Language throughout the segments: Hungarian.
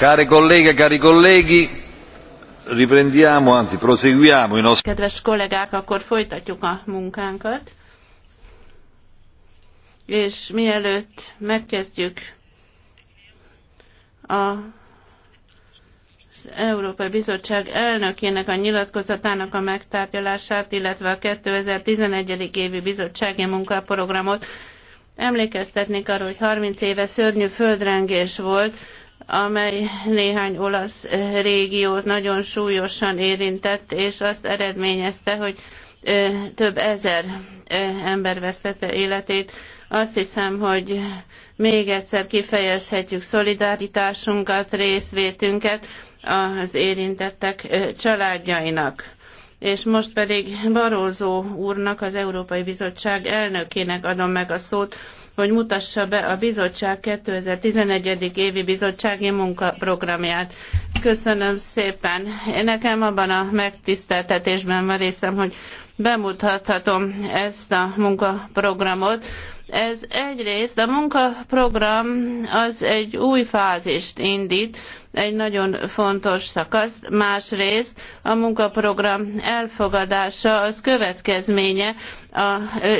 Care colleghe, cari colleghi, riprendiamo, anzi proseguiamo i nostri... Kedves kollégák, akkor folytatjuk a munkánkat. És mielőtt megkezdjük a az Európai Bizottság elnökének a nyilatkozatának a megtárgyalását, illetve a 2011. évi bizottsági munkaprogramot. Emlékeztetnék arra, hogy 30 éve szörnyű földrengés volt, amely néhány olasz eh, régiót nagyon súlyosan érintett, és azt eredményezte, hogy eh, több ezer eh, ember vesztette életét. Azt hiszem, hogy még egyszer kifejezhetjük szolidaritásunkat, részvétünket az érintettek családjainak. És most pedig Barózó úrnak, az Európai Bizottság elnökének adom meg a szót, hogy mutassa be a bizottság 2011. évi bizottsági munkaprogramját. Köszönöm szépen. Nekem abban a megtiszteltetésben van részem, hogy bemutathatom ezt a munkaprogramot. Ez egyrészt a munkaprogram az egy új fázist indít, egy nagyon fontos szakasz. Másrészt a munkaprogram elfogadása az következménye a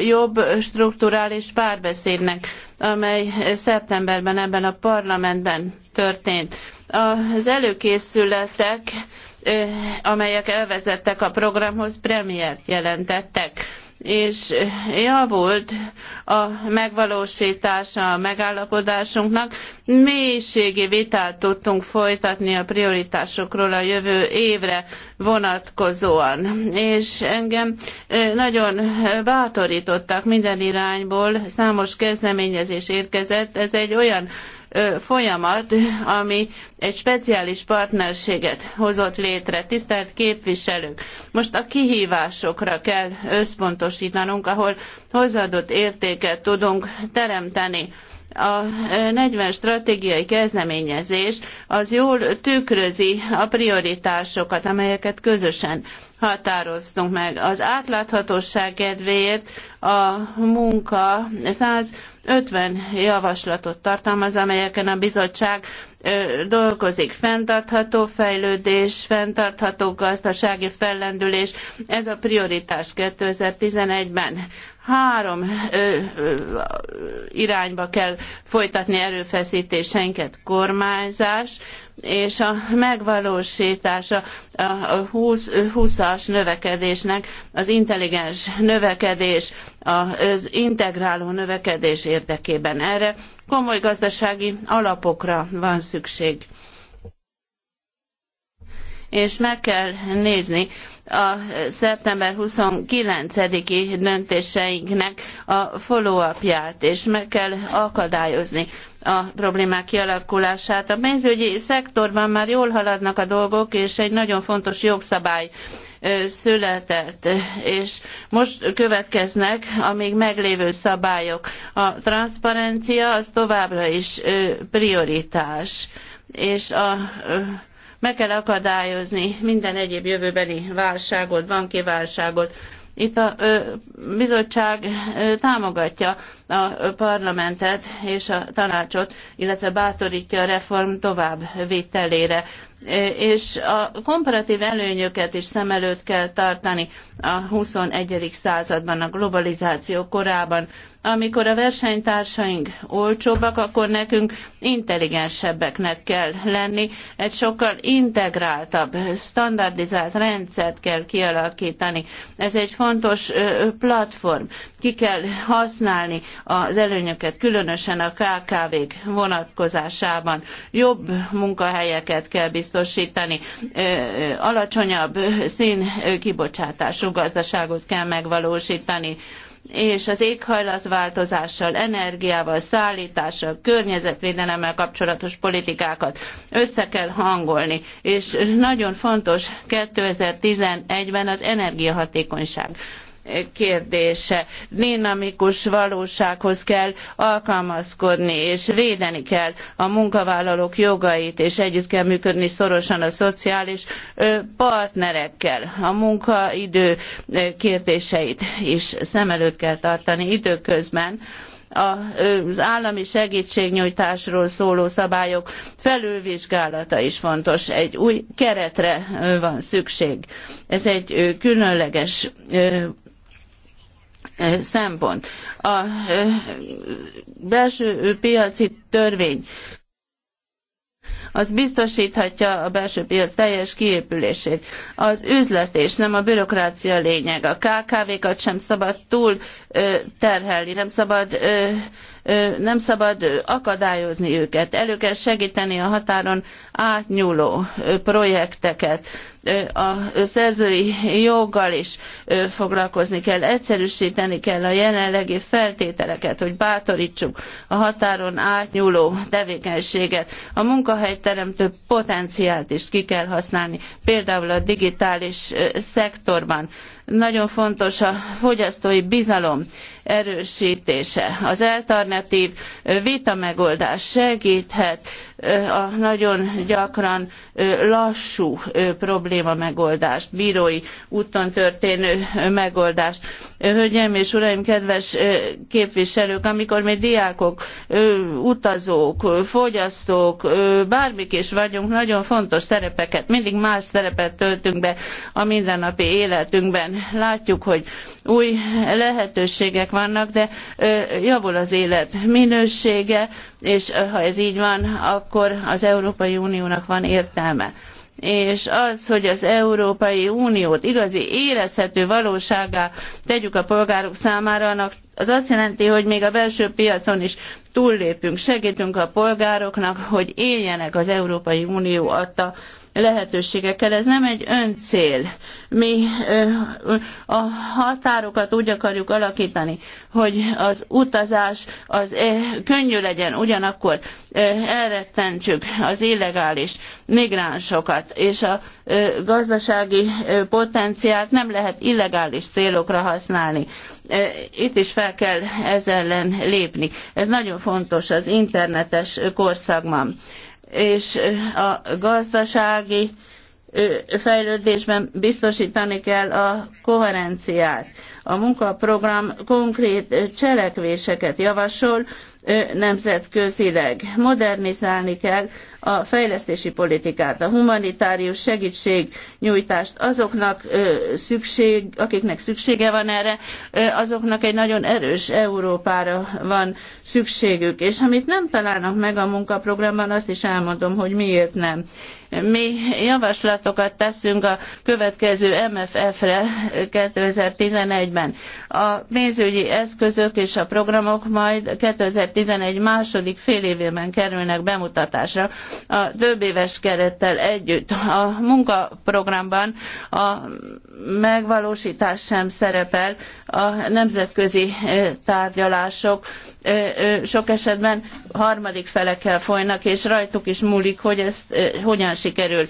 jobb strukturális párbeszédnek, amely szeptemberben ebben a parlamentben történt. Az előkészületek eh, amelyek elvezettek a programhoz, premiért jelentettek és eh, javult a megvalósítása a megállapodásunknak. Mélységi vitát tudtunk folytatni a prioritásokról a jövő évre vonatkozóan. És engem eh, nagyon bátorítottak minden irányból, számos kezdeményezés érkezett. Ez egy olyan folyamat, ami egy speciális partnerséget hozott létre. Tisztelt képviselők, most a kihívásokra kell összpontosítanunk, ahol hozzáadott értéket tudunk teremteni a 40 stratégiai kezdeményezés az jól tükrözi a prioritásokat, amelyeket közösen határoztunk meg. Az átláthatóság kedvéért a munka 100 50 javaslatot tartalmaz, amelyeken a bizottság dolgozik. Fenntartható fejlődés, fenntartható gazdasági fellendülés, ez a prioritás 2011-ben három ö, ö, irányba kell folytatni erőfeszítéseinket, kormányzás és a megvalósítása a 20-as növekedésnek, az intelligens növekedés, az integráló növekedés érdekében. Erre komoly gazdasági alapokra van szükség és meg kell nézni a szeptember 29-i döntéseinknek a follow-upját, és meg kell akadályozni a problémák kialakulását. A pénzügyi szektorban már jól haladnak a dolgok, és egy nagyon fontos jogszabály született, és most következnek a még meglévő szabályok. A transzparencia az továbbra is prioritás, és a meg kell akadályozni minden egyéb jövőbeli válságot, banki válságot, itt a bizottság támogatja a parlamentet és a tanácsot, illetve bátorítja a reform tovább vételére, és a komparatív előnyöket is szem előtt kell tartani a 21. században, a globalizáció korában amikor a versenytársaink olcsóbbak, akkor nekünk intelligensebbeknek kell lenni, egy sokkal integráltabb, standardizált rendszert kell kialakítani. Ez egy fontos platform. Ki kell használni az előnyöket, különösen a KKV-k vonatkozásában. Jobb munkahelyeket kell biztosítani, alacsonyabb kibocsátású gazdaságot kell megvalósítani és az éghajlatváltozással, energiával, szállítással, környezetvédelemmel kapcsolatos politikákat össze kell hangolni. És nagyon fontos 2011-ben az energiahatékonyság kérdése. Dinamikus valósághoz kell alkalmazkodni, és védeni kell a munkavállalók jogait, és együtt kell működni szorosan a szociális partnerekkel. A munkaidő kérdéseit is szem előtt kell tartani időközben az állami segítségnyújtásról szóló szabályok felülvizsgálata is fontos. Egy új keretre van szükség. Ez egy különleges szempont. A belső piaci törvény az biztosíthatja a belső piac teljes kiépülését. Az üzlet és nem a bürokrácia lényeg. A KKV-kat sem szabad túl terhelni, nem szabad nem szabad akadályozni őket, elő kell segíteni a határon átnyúló projekteket, a szerzői joggal is foglalkozni kell, egyszerűsíteni kell a jelenlegi feltételeket, hogy bátorítsuk a határon átnyúló tevékenységet. A munkahelyteremtő potenciált is ki kell használni, például a digitális szektorban nagyon fontos a fogyasztói bizalom erősítése. Az alternatív vita megoldás segíthet a nagyon gyakran lassú probléma megoldást, bírói úton történő megoldást. Hölgyeim és uraim, kedves képviselők, amikor mi diákok, utazók, fogyasztók, bármik is vagyunk, nagyon fontos szerepeket, mindig más szerepet töltünk be a mindennapi életünkben. Látjuk, hogy új lehetőségek vannak, de javul az élet minősége, és ha ez így van, akkor akkor az Európai Uniónak van értelme és az, hogy az Európai Uniót igazi érezhető valóságá tegyük a polgárok számára, annak az azt jelenti, hogy még a belső piacon is túllépünk, segítünk a polgároknak, hogy éljenek az Európai Unió adta lehetőségekkel. Ez nem egy öncél. Mi a határokat úgy akarjuk alakítani, hogy az utazás az könnyű legyen, ugyanakkor elrettentsük az illegális migránsokat, és a gazdasági potenciált nem lehet illegális célokra használni. Itt is fel kell ezzel ellen lépni. Ez nagyon fontos az internetes korszakban és a gazdasági fejlődésben biztosítani kell a koherenciát. A munkaprogram konkrét cselekvéseket javasol nemzetközileg. Modernizálni kell a fejlesztési politikát, a humanitárius segítségnyújtást azoknak szükség, akiknek szüksége van erre, azoknak egy nagyon erős Európára van szükségük. És amit nem találnak meg a munkaprogramban, azt is elmondom, hogy miért nem mi javaslatokat teszünk a következő MFF-re 2011-ben. A pénzügyi eszközök és a programok majd 2011 második félévében kerülnek bemutatásra a többéves kerettel együtt. A munkaprogramban a megvalósítás sem szerepel, a nemzetközi eh, tárgyalások eh, sok esetben harmadik felekkel folynak, és rajtuk is múlik, hogy ezt eh, hogyan sikerül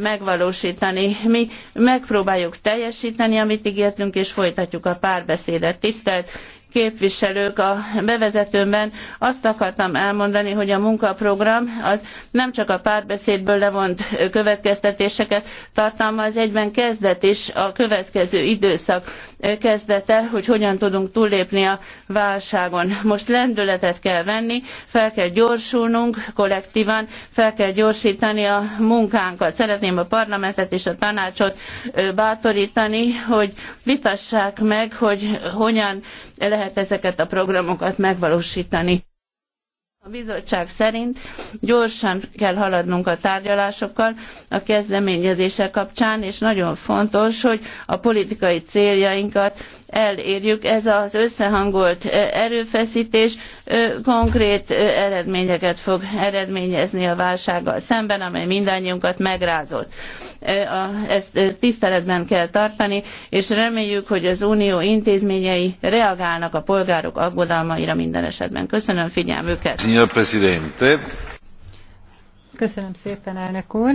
megvalósítani. Mi megpróbáljuk teljesíteni, amit ígértünk, és folytatjuk a párbeszédet. Tisztelt képviselők a bevezetőmben azt akartam elmondani, hogy a munkaprogram az nem csak a párbeszédből levont következtetéseket tartalmaz, egyben kezdet is a következő időszak kezdete, hogy hogyan tudunk túllépni a válságon. Most lendületet kell venni, fel kell gyorsulnunk kollektívan, fel kell gyorsítani a munkánkat. Szeretném a parlamentet és a tanácsot bátorítani, hogy vitassák meg, hogy hogyan lehet lehet ezeket a programokat megvalósítani. A bizottság szerint gyorsan kell haladnunk a tárgyalásokkal a kezdeményezése kapcsán, és nagyon fontos, hogy a politikai céljainkat elérjük. Ez az összehangolt erőfeszítés konkrét eredményeket fog eredményezni a válsággal szemben, amely mindannyiunkat megrázott. Ezt tiszteletben kell tartani, és reméljük, hogy az unió intézményei reagálnak a polgárok aggodalmaira minden esetben. Köszönöm figyelmüket! Köszönöm szépen, elnök úr!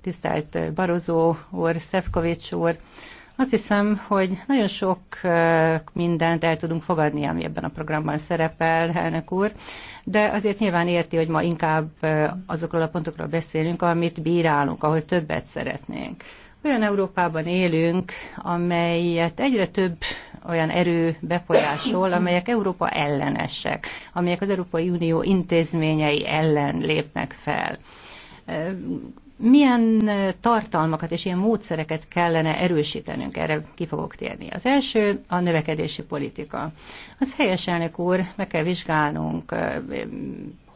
tisztelt Barozó úr, Szefkovics úr, azt hiszem, hogy nagyon sok mindent el tudunk fogadni, ami ebben a programban szerepel, elnök úr, de azért nyilván érti, hogy ma inkább azokról a pontokról beszélünk, amit bírálunk, ahol többet szeretnénk. Olyan Európában élünk, amelyet egyre több olyan erő befolyásol, amelyek Európa ellenesek, amelyek az Európai Unió intézményei ellen lépnek fel milyen tartalmakat és ilyen módszereket kellene erősítenünk, erre ki fogok térni. Az első a növekedési politika. Az helyes elnök úr, meg kell vizsgálnunk,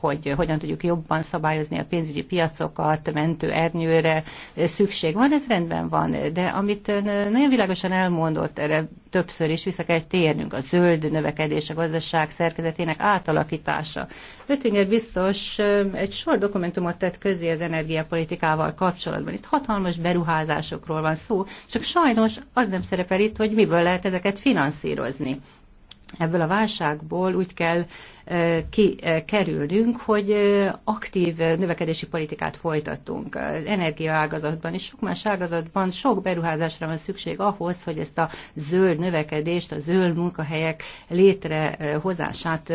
hogy hogyan tudjuk jobban szabályozni a pénzügyi piacokat, mentő ernyőre szükség van, ez rendben van, de amit nagyon világosan elmondott, erre többször is vissza kell térnünk, a zöld növekedés, a gazdaság szerkezetének átalakítása. Öttinger biztos um, egy sor dokumentumot tett közé az energiapolitikával kapcsolatban. Itt hatalmas beruházásokról van szó, csak sajnos az nem szerepel itt, hogy miből lehet ezeket finanszírozni ebből a válságból úgy kell Kerülünk, hogy aktív növekedési politikát folytatunk. Energiaágazatban és sok más ágazatban sok beruházásra van szükség ahhoz, hogy ezt a zöld növekedést, a zöld munkahelyek létrehozását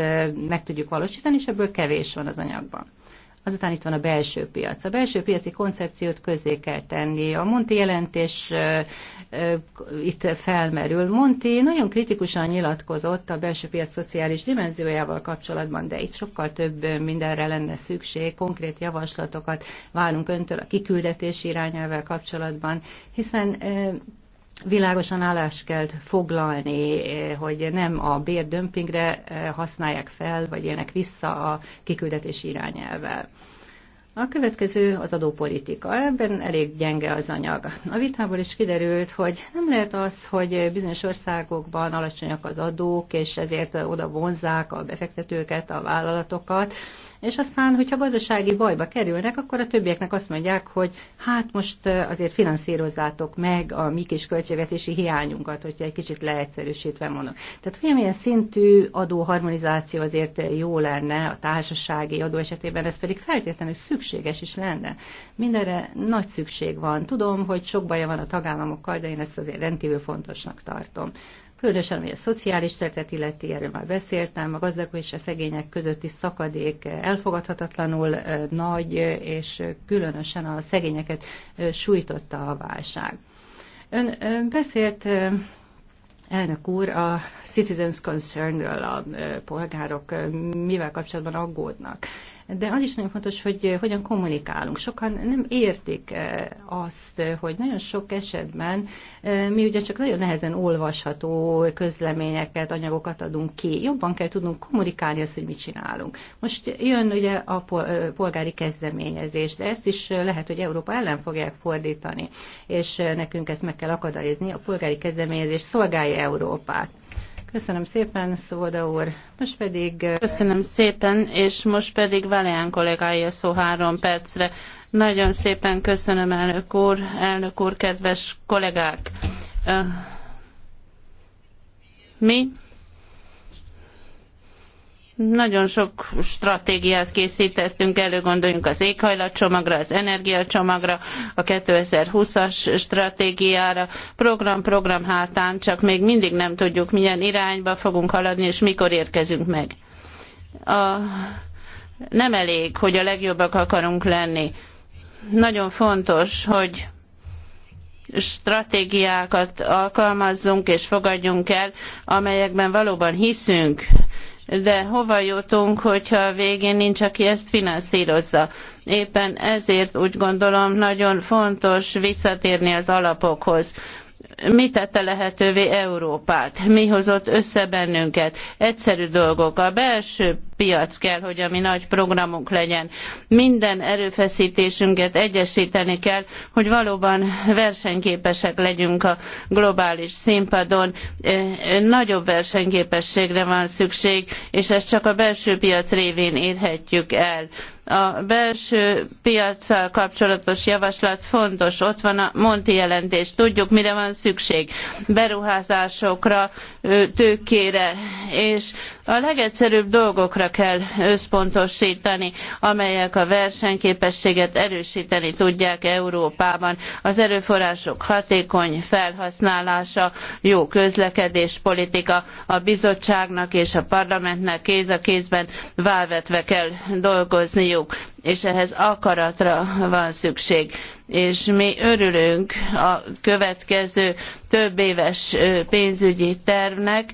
meg tudjuk valósítani, és ebből kevés van az anyagban. Azután itt van a belső piac. A belső piaci koncepciót közzé kell tenni. A Monti jelentés itt felmerül. Monti nagyon kritikusan nyilatkozott a belső piac szociális dimenziójával kapcsolatban, de itt sokkal több mindenre lenne szükség, konkrét javaslatokat várunk öntől a kiküldetés irányával kapcsolatban, hiszen világosan állást kell foglalni, eh, hogy nem a bérdömpingre eh, használják fel, vagy élnek vissza a kiküldetés irányelvel. A következő az adópolitika. Ebben elég gyenge az anyag. A vitából is kiderült, hogy nem lehet az, hogy bizonyos országokban alacsonyak az adók, és ezért oda vonzák a befektetőket, a vállalatokat, és aztán, hogyha gazdasági bajba kerülnek, akkor a többieknek azt mondják, hogy hát most azért finanszírozzátok meg a mi kis költségvetési hiányunkat, hogyha egy kicsit leegyszerűsítve mondom. Tehát valamilyen szintű adóharmonizáció azért jó lenne a társasági adó esetében, ez pedig feltétlenül szükséges is lenne. Mindenre nagy szükség van. Tudom, hogy sok baja van a tagállamokkal, de én ezt azért rendkívül fontosnak tartom különösen ami a szociális területet illeti, erről már beszéltem, a gazdagok és a szegények közötti szakadék elfogadhatatlanul nagy, és különösen a szegényeket sújtotta a válság. Ön, ön beszélt Elnök úr, a Citizens Concernről a polgárok mivel kapcsolatban aggódnak de az is nagyon fontos, hogy eh, hogyan kommunikálunk. Sokan nem értik eh, azt, eh, hogy nagyon sok esetben mi ugye csak nagyon nehezen olvasható közleményeket, anyagokat adunk ki. Jobban kell tudnunk kommunikálni azt, hogy mit csinálunk. Most jön ugye a polgári kezdeményezés, de ezt is lehet, hogy Európa ellen fogják fordítani, és nekünk ezt meg kell akadályozni. A polgári kezdeményezés szolgálja Európát. Köszönöm szépen, Szóda úr. Most pedig... Köszönöm szépen, és most pedig Valéán kollégája szó három percre. Nagyon szépen köszönöm, elnök úr, elnök úr, kedves kollégák. Mi nagyon sok stratégiát készítettünk elő, gondoljunk az éghajlatcsomagra, az energiacsomagra, a 2020-as stratégiára, program-program hátán, csak még mindig nem tudjuk, milyen irányba fogunk haladni, és mikor érkezünk meg. A... Nem elég, hogy a legjobbak akarunk lenni. Nagyon fontos, hogy stratégiákat alkalmazzunk és fogadjunk el, amelyekben valóban hiszünk, de hova jutunk, hogyha a végén nincs, aki ezt finanszírozza. Éppen ezért úgy gondolom nagyon fontos visszatérni az alapokhoz mi tette lehetővé Európát, mi hozott össze bennünket. Egyszerű dolgok, a belső piac kell, hogy a mi nagy programunk legyen. Minden erőfeszítésünket egyesíteni kell, hogy valóban versenyképesek legyünk a globális színpadon. E, e, nagyobb versenyképességre van szükség, és ezt csak a belső piac révén érhetjük el a belső piaccal kapcsolatos javaslat fontos. Ott van a Monti jelentés. Tudjuk, mire van szükség. Beruházásokra, tőkére, és a legegyszerűbb dolgokra kell összpontosítani, amelyek a versenyképességet erősíteni tudják Európában. Az erőforrások hatékony felhasználása, jó közlekedéspolitika a bizottságnak és a parlamentnek kéz a kézben válvetve kell dolgozniuk és ehhez akaratra van szükség. És mi örülünk a következő több éves pénzügyi tervnek,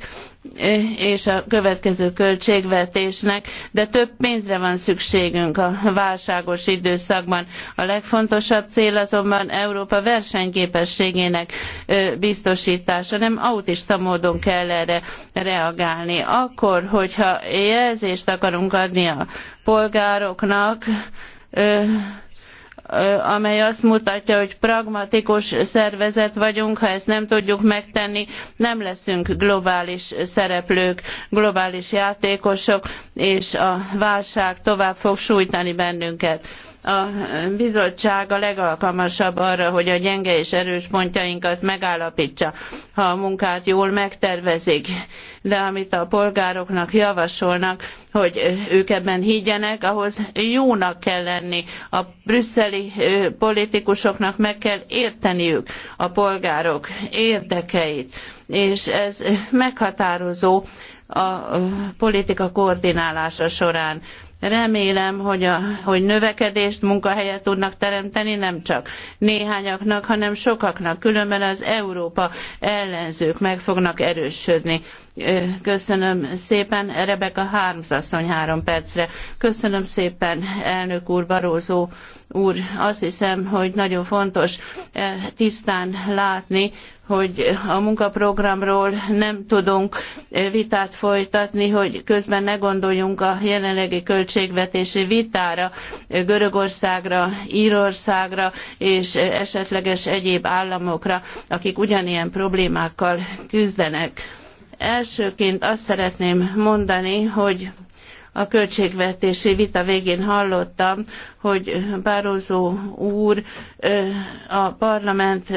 és a következő költségvetésnek, de több pénzre van szükségünk a válságos időszakban. A legfontosabb cél azonban Európa versenyképességének biztosítása, nem autista módon kell erre reagálni. Akkor, hogyha jelzést akarunk adni a polgároknak, amely azt mutatja, hogy pragmatikus szervezet vagyunk, ha ezt nem tudjuk megtenni, nem leszünk globális szereplők, globális játékosok, és a válság tovább fog sújtani bennünket a bizottság a legalkalmasabb arra, hogy a gyenge és erős pontjainkat megállapítsa, ha a munkát jól megtervezik. De amit a polgároknak javasolnak, hogy ők ebben higgyenek, ahhoz jónak kell lenni. A brüsszeli politikusoknak meg kell érteniük a polgárok érdekeit, és ez meghatározó a politika koordinálása során. Remélem, hogy, a, hogy növekedést, munkahelyet tudnak teremteni nem csak néhányaknak, hanem sokaknak. Különben az Európa ellenzők meg fognak erősödni. Köszönöm szépen. Rebeka Harms asszony három percre. Köszönöm szépen, elnök úr, Barózó úr. Azt hiszem, hogy nagyon fontos eh, tisztán látni, hogy a munkaprogramról nem tudunk vitát folytatni, hogy közben ne gondoljunk a jelenlegi költségvetési vitára, Görögországra, Írországra és esetleges egyéb államokra, akik ugyanilyen problémákkal küzdenek. Elsőként azt szeretném mondani, hogy a költségvetési vita végén hallottam, hogy Bározó úr a parlament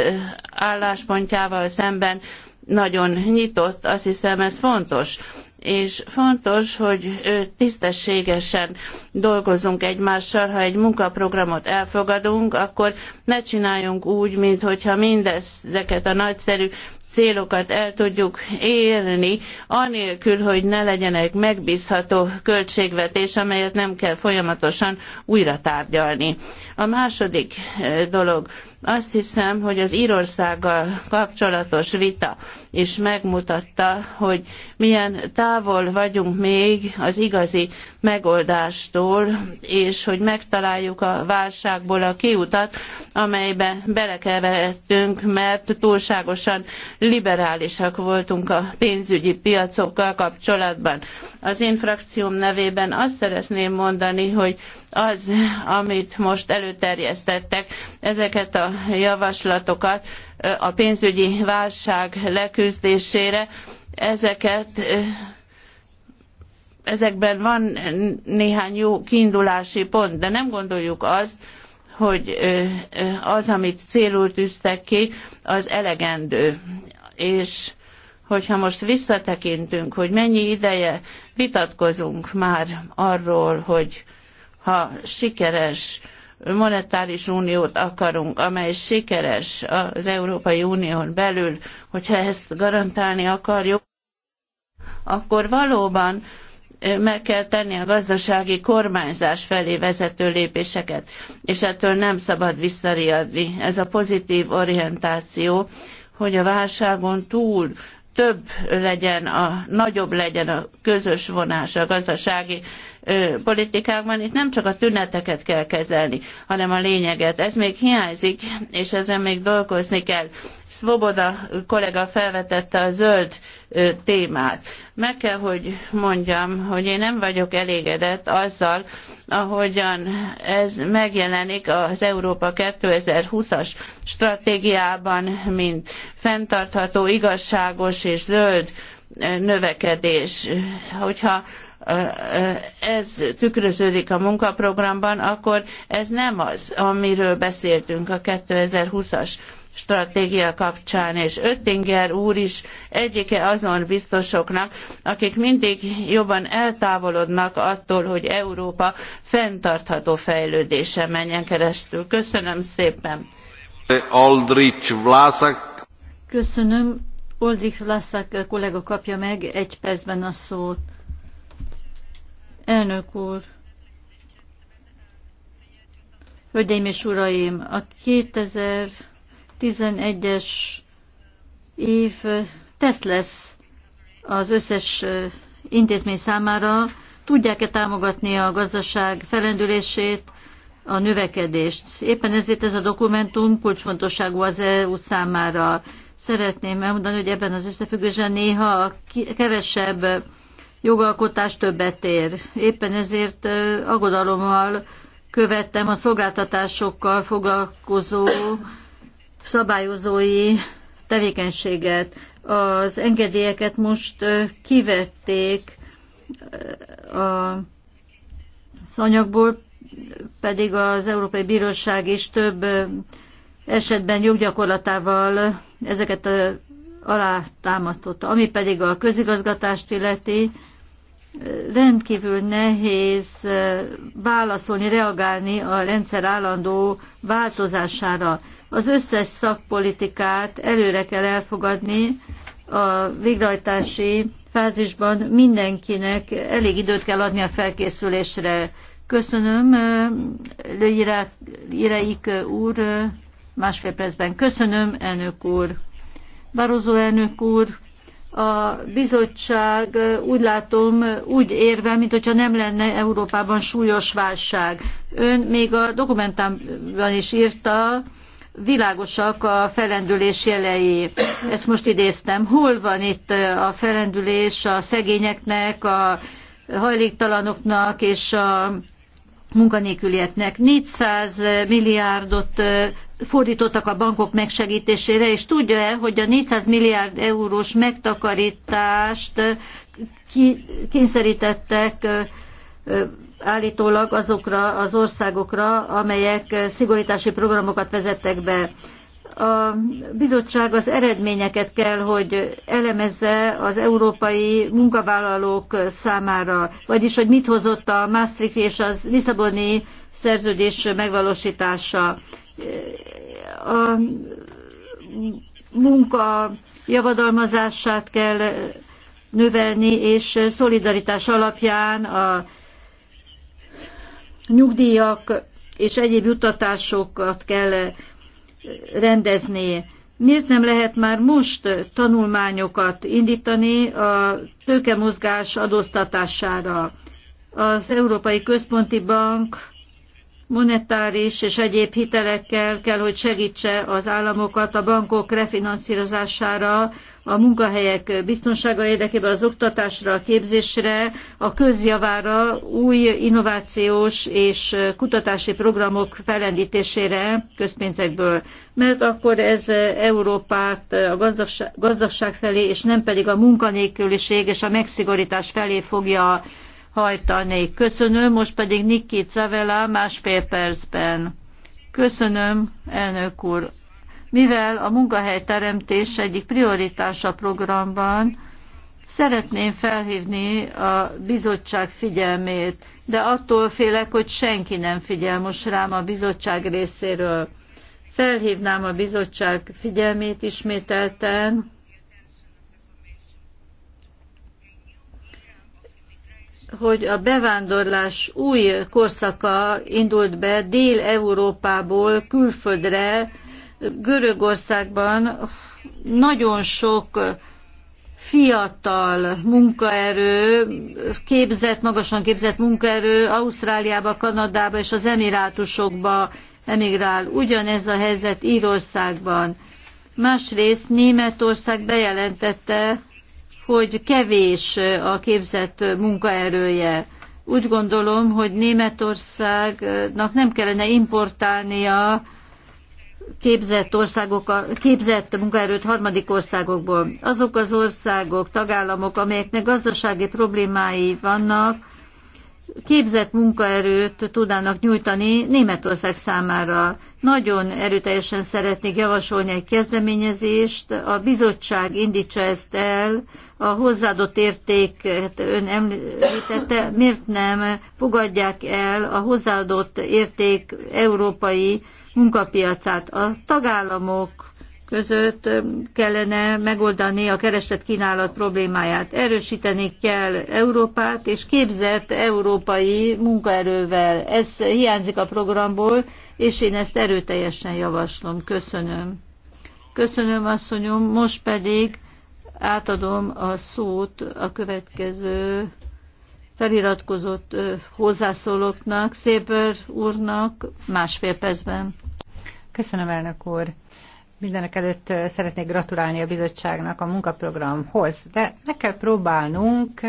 álláspontjával szemben nagyon nyitott, azt hiszem ez fontos és fontos, hogy tisztességesen dolgozunk egymással, ha egy munkaprogramot elfogadunk, akkor ne csináljunk úgy, mintha mindezeket a nagyszerű célokat el tudjuk érni, anélkül, hogy ne legyenek megbízható költségvetés, amelyet nem kell folyamatosan újra tárgyalni. A második eh, dolog, azt hiszem, hogy az Írországgal kapcsolatos vita is megmutatta, hogy milyen távol vagyunk még az igazi megoldástól, és hogy megtaláljuk a válságból a kiutat, amelybe belekeveredtünk, mert túlságosan liberálisak voltunk a pénzügyi piacokkal kapcsolatban. Az én frakcióm nevében azt szeretném mondani, hogy az, amit most előterjesztettek, ezeket a javaslatokat a pénzügyi válság leküzdésére, ezeket ezekben van néhány jó kiindulási pont, de nem gondoljuk azt, hogy az, amit célul tűztek ki, az elegendő. És hogyha most visszatekintünk, hogy mennyi ideje vitatkozunk már arról, hogy ha sikeres monetáris uniót akarunk, amely sikeres az Európai Unión belül, hogyha ezt garantálni akarjuk, akkor valóban eh, meg kell tenni a gazdasági kormányzás felé vezető lépéseket, és ettől nem szabad visszariadni. Ez a pozitív orientáció, hogy a válságon túl több legyen, a nagyobb legyen a közös vonása a gazdasági ö, politikákban. Itt nem csak a tüneteket kell kezelni, hanem a lényeget. Ez még hiányzik, és ezen még dolgozni kell. Svoboda kollega felvetette a zöld ö, témát. Meg kell, hogy mondjam, hogy én nem vagyok elégedett azzal, ahogyan ez megjelenik az Európa 2020-as stratégiában, mint fenntartható, igazságos és zöld növekedés. Hogyha ez tükröződik a munkaprogramban, akkor ez nem az, amiről beszéltünk a 2020-as stratégia kapcsán, és Öttinger úr is egyike azon biztosoknak, akik mindig jobban eltávolodnak attól, hogy Európa fenntartható fejlődése menjen keresztül. Köszönöm szépen! Aldrich Vlasak. Köszönöm. Oldrich Vlasak kollega kapja meg egy percben a szót. Elnök úr, Hölgyeim és Uraim, a 2000 11-es év teszt lesz az összes intézmény számára. Tudják-e támogatni a gazdaság felendülését, a növekedést? Éppen ezért ez a dokumentum kulcsfontosságú az EU számára. Szeretném elmondani, hogy ebben az összefüggésben néha a kevesebb jogalkotás többet ér. Éppen ezért aggodalommal követtem a szolgáltatásokkal foglalkozó szabályozói tevékenységet. Az engedélyeket most kivették a szanyagból, pedig az Európai Bíróság is több esetben joggyakorlatával ezeket alátámasztotta. Ami pedig a közigazgatást illeti, rendkívül nehéz válaszolni, reagálni a rendszer állandó változására. Az összes szakpolitikát előre kell elfogadni a végrehajtási fázisban mindenkinek elég időt kell adni a felkészülésre. Köszönöm, eh, Ireik eh, úr, eh, másfél percben köszönöm, elnök úr. Barozó elnök úr, a bizottság úgy látom úgy érve, mint hogyha nem lenne Európában súlyos válság. Ön még a dokumentumban is írta, világosak a felendülés jelei. Ezt most idéztem. Hol van itt a felendülés a szegényeknek, a hajléktalanoknak és a munkanélkülieknek. 400 milliárdot fordítottak a bankok megsegítésére, és tudja-e, hogy a 400 milliárd eurós megtakarítást kényszerítettek állítólag azokra az országokra, amelyek szigorítási programokat vezettek be. A bizottság az eredményeket kell, hogy elemezze az európai munkavállalók számára, vagyis hogy mit hozott a Maastricht és az Lisszaboni szerződés megvalósítása. A munka javadalmazását kell növelni, és szolidaritás alapján a nyugdíjak és egyéb jutatásokat kell rendezni. Miért nem lehet már most tanulmányokat indítani a tőkemozgás adóztatására? Az Európai Központi Bank monetáris és egyéb hitelekkel kell, hogy segítse az államokat a bankok refinanszírozására, a munkahelyek biztonsága érdekében az oktatásra, a képzésre, a közjavára, új innovációs és kutatási programok felendítésére közpénzekből. Mert akkor ez Európát a gazdaság, felé, és nem pedig a munkanélküliség és a megszigorítás felé fogja hajtani. Köszönöm, most pedig Nikki Cavella másfél percben. Köszönöm, elnök úr. Mivel a munkahelyteremtés egyik prioritása programban, Szeretném felhívni a bizottság figyelmét, de attól félek, hogy senki nem figyel most rám a bizottság részéről. Felhívnám a bizottság figyelmét ismételten hogy a bevándorlás új korszaka indult be Dél-Európából külföldre, Görögországban nagyon sok fiatal munkaerő, képzett, magasan képzett munkaerő Ausztráliába, Kanadába és az Emirátusokba emigrál. Ugyanez a helyzet Írországban. Másrészt Németország bejelentette, hogy kevés a képzett munkaerője. Úgy gondolom, hogy Németországnak nem kellene importálnia képzett, országok, képzett munkaerőt harmadik országokból. Azok az országok, tagállamok, amelyeknek gazdasági problémái vannak, képzett munkaerőt tudnának nyújtani Németország számára. Nagyon erőteljesen szeretnék javasolni egy kezdeményezést. A bizottság indítsa ezt el, a hozzáadott értéket ön említette, miért nem fogadják el a hozzáadott érték európai munkapiacát. A tagállamok között kellene megoldani a kereslet-kínálat problémáját. Erősíteni kell Európát, és képzett európai munkaerővel. Ez hiányzik a programból, és én ezt erőteljesen javaslom. Köszönöm. Köszönöm, asszonyom. Most pedig átadom a szót a következő feliratkozott hozzászólóknak, Széber úrnak másfél percben. Köszönöm, elnök úr. Mindenek előtt szeretnék gratulálni a bizottságnak a munkaprogramhoz, de meg kell próbálnunk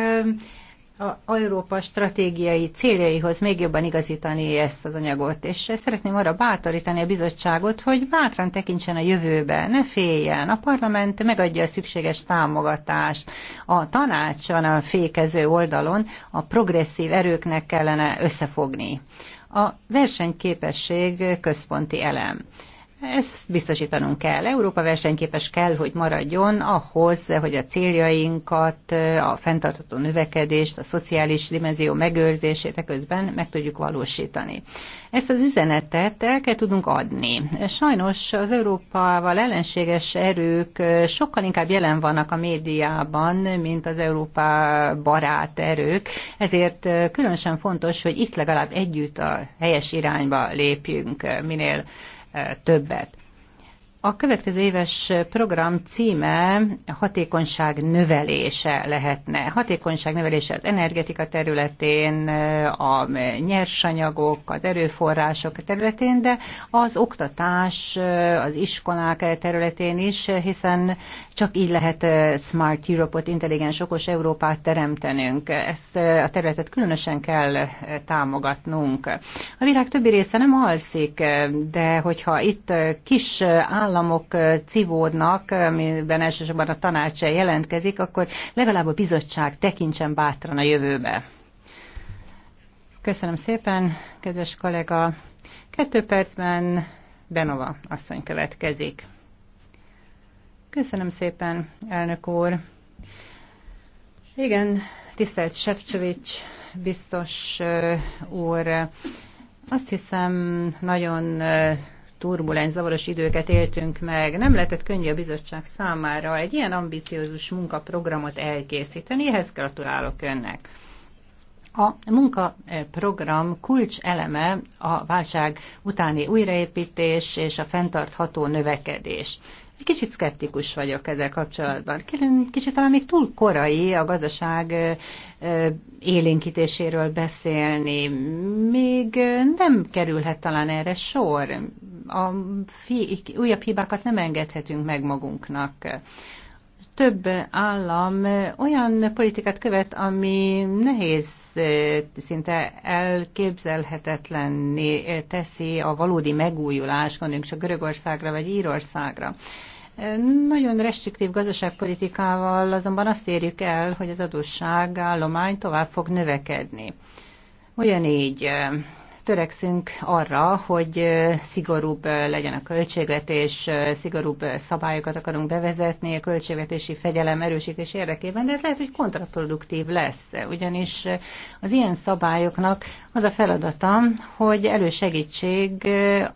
a Európa stratégiai céljaihoz még jobban igazítani ezt az anyagot, és szeretném arra bátorítani a bizottságot, hogy bátran tekintsen a jövőbe, ne féljen. A parlament megadja a szükséges támogatást. A tanács van a fékező oldalon, a progresszív erőknek kellene összefogni. A versenyképesség központi elem. Ezt biztosítanunk kell. Európa versenyképes kell, hogy maradjon ahhoz, hogy a céljainkat, a fenntartható növekedést, a szociális dimenzió megőrzését közben meg tudjuk valósítani. Ezt az üzenetet el kell tudnunk adni. Sajnos az Európával ellenséges erők sokkal inkább jelen vannak a médiában, mint az Európa barát erők, ezért különösen fontos, hogy itt legalább együtt a helyes irányba lépjünk minél többet. A következő éves program címe hatékonyság növelése lehetne. Hatékonyság növelése az energetika területén, a nyersanyagok, az erőforrások területén, de az oktatás, az iskolák területén is, hiszen csak így lehet eh, Smart Europe-ot, intelligens, okos Európát teremtenünk. Ezt eh, a területet különösen kell eh, támogatnunk. A világ többi része nem alszik, de hogyha itt kis államok civódnak, amiben elsősorban a tanács jelentkezik, akkor legalább a bizottság tekintsen bátran a jövőbe. Köszönöm szépen, kedves kollega. Kettő percben Benova asszony következik. Köszönöm szépen, elnök úr. Igen, tisztelt Sefcsovics, biztos úr, azt hiszem nagyon turbulens, zavaros időket éltünk meg. Nem lehetett könnyű a bizottság számára egy ilyen ambiciózus munkaprogramot elkészíteni. Ehhez gratulálok önnek. A munkaprogram kulcs eleme a válság utáni újraépítés és a fenntartható növekedés. Egy kicsit szkeptikus vagyok ezzel kapcsolatban. Kicsit talán még túl korai a gazdaság élénkítéséről beszélni. Még nem kerülhet talán erre sor. A újabb hibákat nem engedhetünk meg magunknak több állam olyan politikát követ, ami nehéz eh, szinte elképzelhetetlenné teszi a valódi megújulás gondoljunk csak Görögországra vagy Írországra. Nagyon restriktív gazdaságpolitikával azonban azt érjük el, hogy az adósság állomány tovább fog növekedni. Ugyanígy eh, törekszünk arra, hogy szigorúbb legyen a költségvetés, szigorúbb szabályokat akarunk bevezetni a költségvetési fegyelem erősítés érdekében, de ez lehet, hogy kontraproduktív lesz, ugyanis az ilyen szabályoknak az a feladata, hogy elősegítség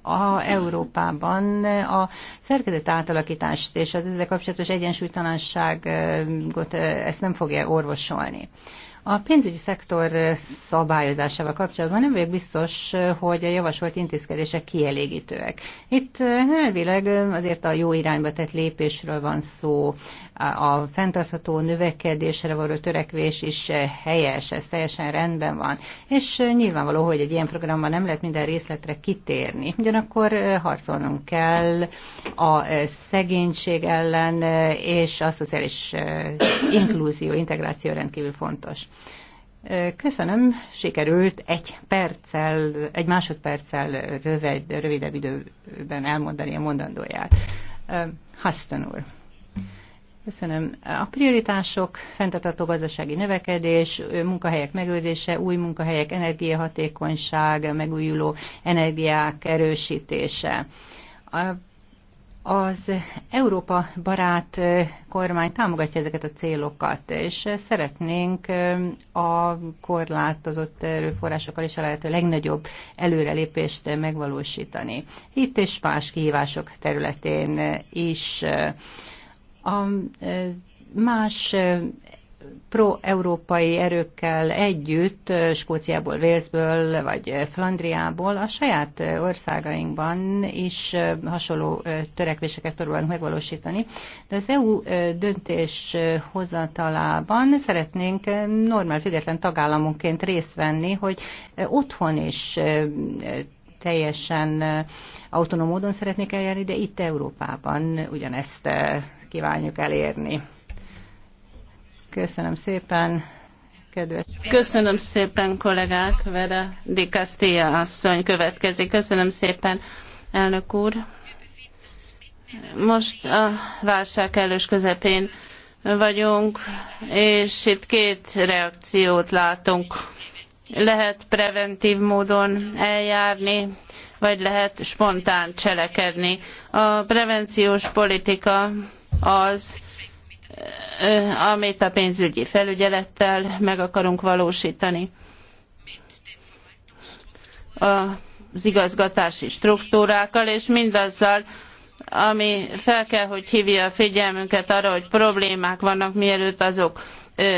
a Európában a szerkezet átalakítást és az ezzel kapcsolatos egyensúlytalanságot ezt nem fogja orvosolni. A pénzügyi szektor szabályozásával kapcsolatban nem vagyok biztos, hogy a javasolt intézkedések kielégítőek. Itt elvileg azért a jó irányba tett lépésről van szó, a fenntartható növekedésre való törekvés is helyes, ez teljesen rendben van. És nyilvánvaló, hogy egy ilyen programban nem lehet minden részletre kitérni. Ugyanakkor harcolnunk kell a szegénység ellen, és a szociális inkluzió, integráció rendkívül fontos. Köszönöm, sikerült egy perccel, egy másodperccel rövid, rövidebb időben elmondani a mondandóját. Haszton úr. Köszönöm. A prioritások, fenntartható gazdasági növekedés, munkahelyek megőrzése, új munkahelyek, energiahatékonyság, megújuló energiák erősítése. A az Európa barát kormány támogatja ezeket a célokat, és szeretnénk a korlátozott erőforrásokkal is a lehető legnagyobb előrelépést megvalósítani. Itt és más kihívások területén is. A más pro-európai erőkkel együtt, Skóciából, Walesből vagy Flandriából a saját országainkban is hasonló törekvéseket próbálunk megvalósítani. De az EU döntés hozatalában szeretnénk normál, független tagállamonként részt venni, hogy otthon is teljesen autonóm módon szeretnék eljárni, de itt Európában ugyanezt kívánjuk elérni. Köszönöm szépen. Kedves. Köszönöm szépen kollégák, Vera Di Castilla asszony következik. Köszönöm szépen, elnök úr. Most a válság elős közepén vagyunk, és itt két reakciót látunk. Lehet preventív módon eljárni, vagy lehet spontán cselekedni. A prevenciós politika az, amit a pénzügyi felügyelettel meg akarunk valósítani. Az igazgatási struktúrákkal és mindazzal, ami fel kell, hogy hívja a figyelmünket arra, hogy problémák vannak, mielőtt azok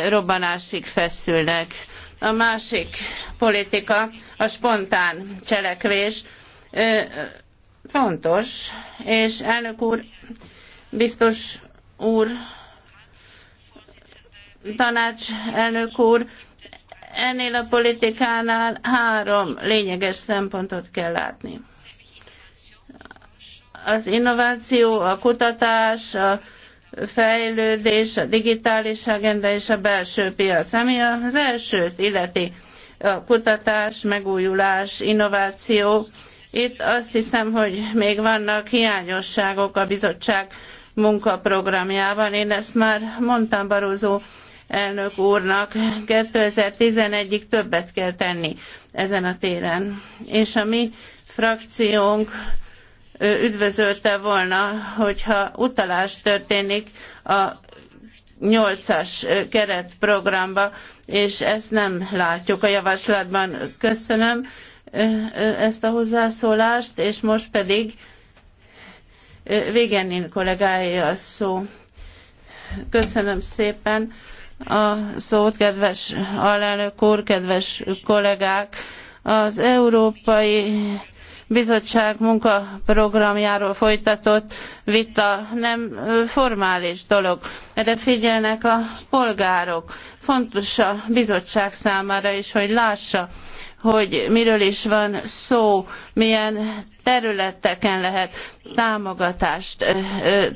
robbanásig feszülnek. A másik politika a spontán cselekvés. Fontos, és elnök úr, biztos úr, tanács elnök úr, ennél a politikánál három lényeges szempontot kell látni. Az innováció, a kutatás, a fejlődés, a digitális agenda és a belső piac. Ami az elsőt illeti, a kutatás, megújulás, innováció. Itt azt hiszem, hogy még vannak hiányosságok a bizottság munkaprogramjában. Én ezt már mondtam Barózó elnök úrnak 2011-ig többet kell tenni ezen a téren. És a mi frakciónk üdvözölte volna, hogyha utalás történik a nyolcas keretprogramba, és ezt nem látjuk a javaslatban. Köszönöm ezt a hozzászólást, és most pedig Végenin kollégája a szó. Köszönöm szépen a szót, kedves alelnök úr, kedves kollégák. Az Európai Bizottság munkaprogramjáról folytatott vita nem formális dolog, de figyelnek a polgárok. Fontos a bizottság számára is, hogy lássa, hogy miről is van szó, milyen területeken lehet támogatást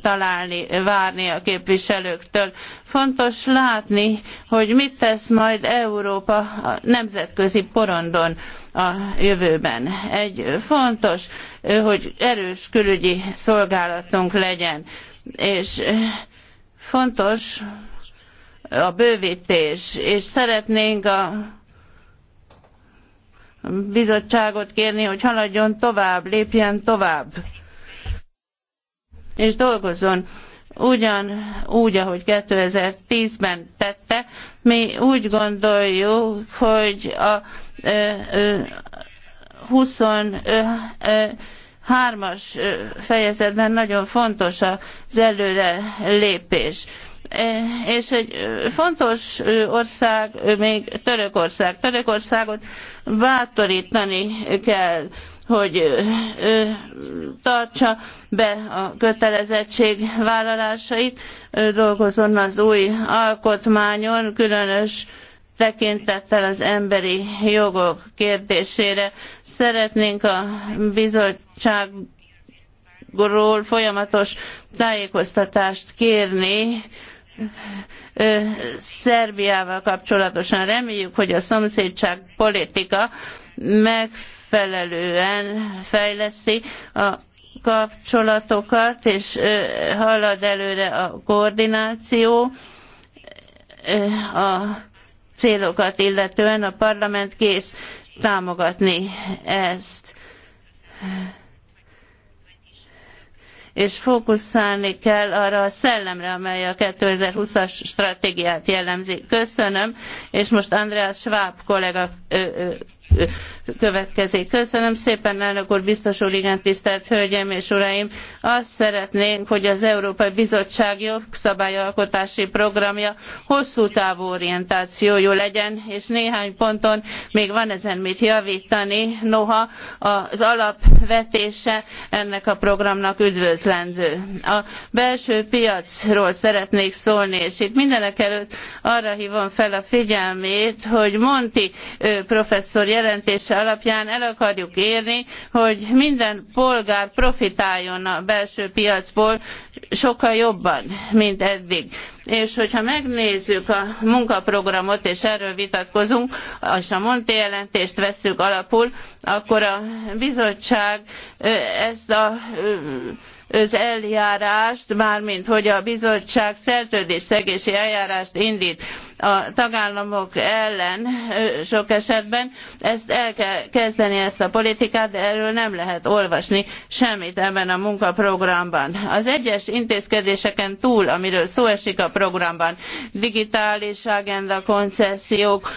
találni, várni a képviselőktől. Fontos látni, hogy mit tesz majd Európa a nemzetközi porondon a jövőben. Egy fontos, hogy erős külügyi szolgálatunk legyen, és fontos a bővítés, és szeretnénk a bizottságot kérni, hogy haladjon tovább, lépjen tovább, és dolgozzon ugyan úgy, ahogy 2010-ben tette, mi úgy gondoljuk, hogy a ö, ö, 23-as fejezetben nagyon fontos az előre lépés és egy fontos ország még Törökország. Törökországot bátorítani kell hogy tartsa be a kötelezettség vállalásait, dolgozzon az új alkotmányon, különös tekintettel az emberi jogok kérdésére. Szeretnénk a bizottságról folyamatos tájékoztatást kérni, Szerbiával kapcsolatosan reméljük, hogy a szomszédság politika megfelelően fejleszti a kapcsolatokat, és halad előre a koordináció, a célokat illetően a parlament kész támogatni ezt és fókuszálni kell arra a szellemre, amely a 2020-as stratégiát jellemzi. Köszönöm, és most Andreas Schwab kollega ö, ö, következik. Köszönöm szépen, elnök úr, biztos úr, igen, tisztelt hölgyeim és uraim. Azt szeretnénk, hogy az Európai Bizottság jogszabályalkotási programja hosszú távú orientációjú legyen, és néhány ponton még van ezen mit javítani, noha az alapvetése ennek a programnak üdvözlendő. A belső piacról szeretnék szólni, és itt előtt arra hívom fel a figyelmét, hogy Monti professzor jelentése alapján el akarjuk érni, hogy minden polgár profitáljon a belső piacból sokkal jobban, mint eddig. És hogyha megnézzük a munkaprogramot, és erről vitatkozunk, és a Monti jelentést vesszük alapul, akkor a bizottság ezt a az eljárást, mármint hogy a bizottság szerződésszegési eljárást indít a tagállamok ellen sok esetben. Ezt el kell kezdeni, ezt a politikát, de erről nem lehet olvasni semmit ebben a munkaprogramban. Az egyes intézkedéseken túl, amiről szó esik a programban, digitális agenda, koncesziók,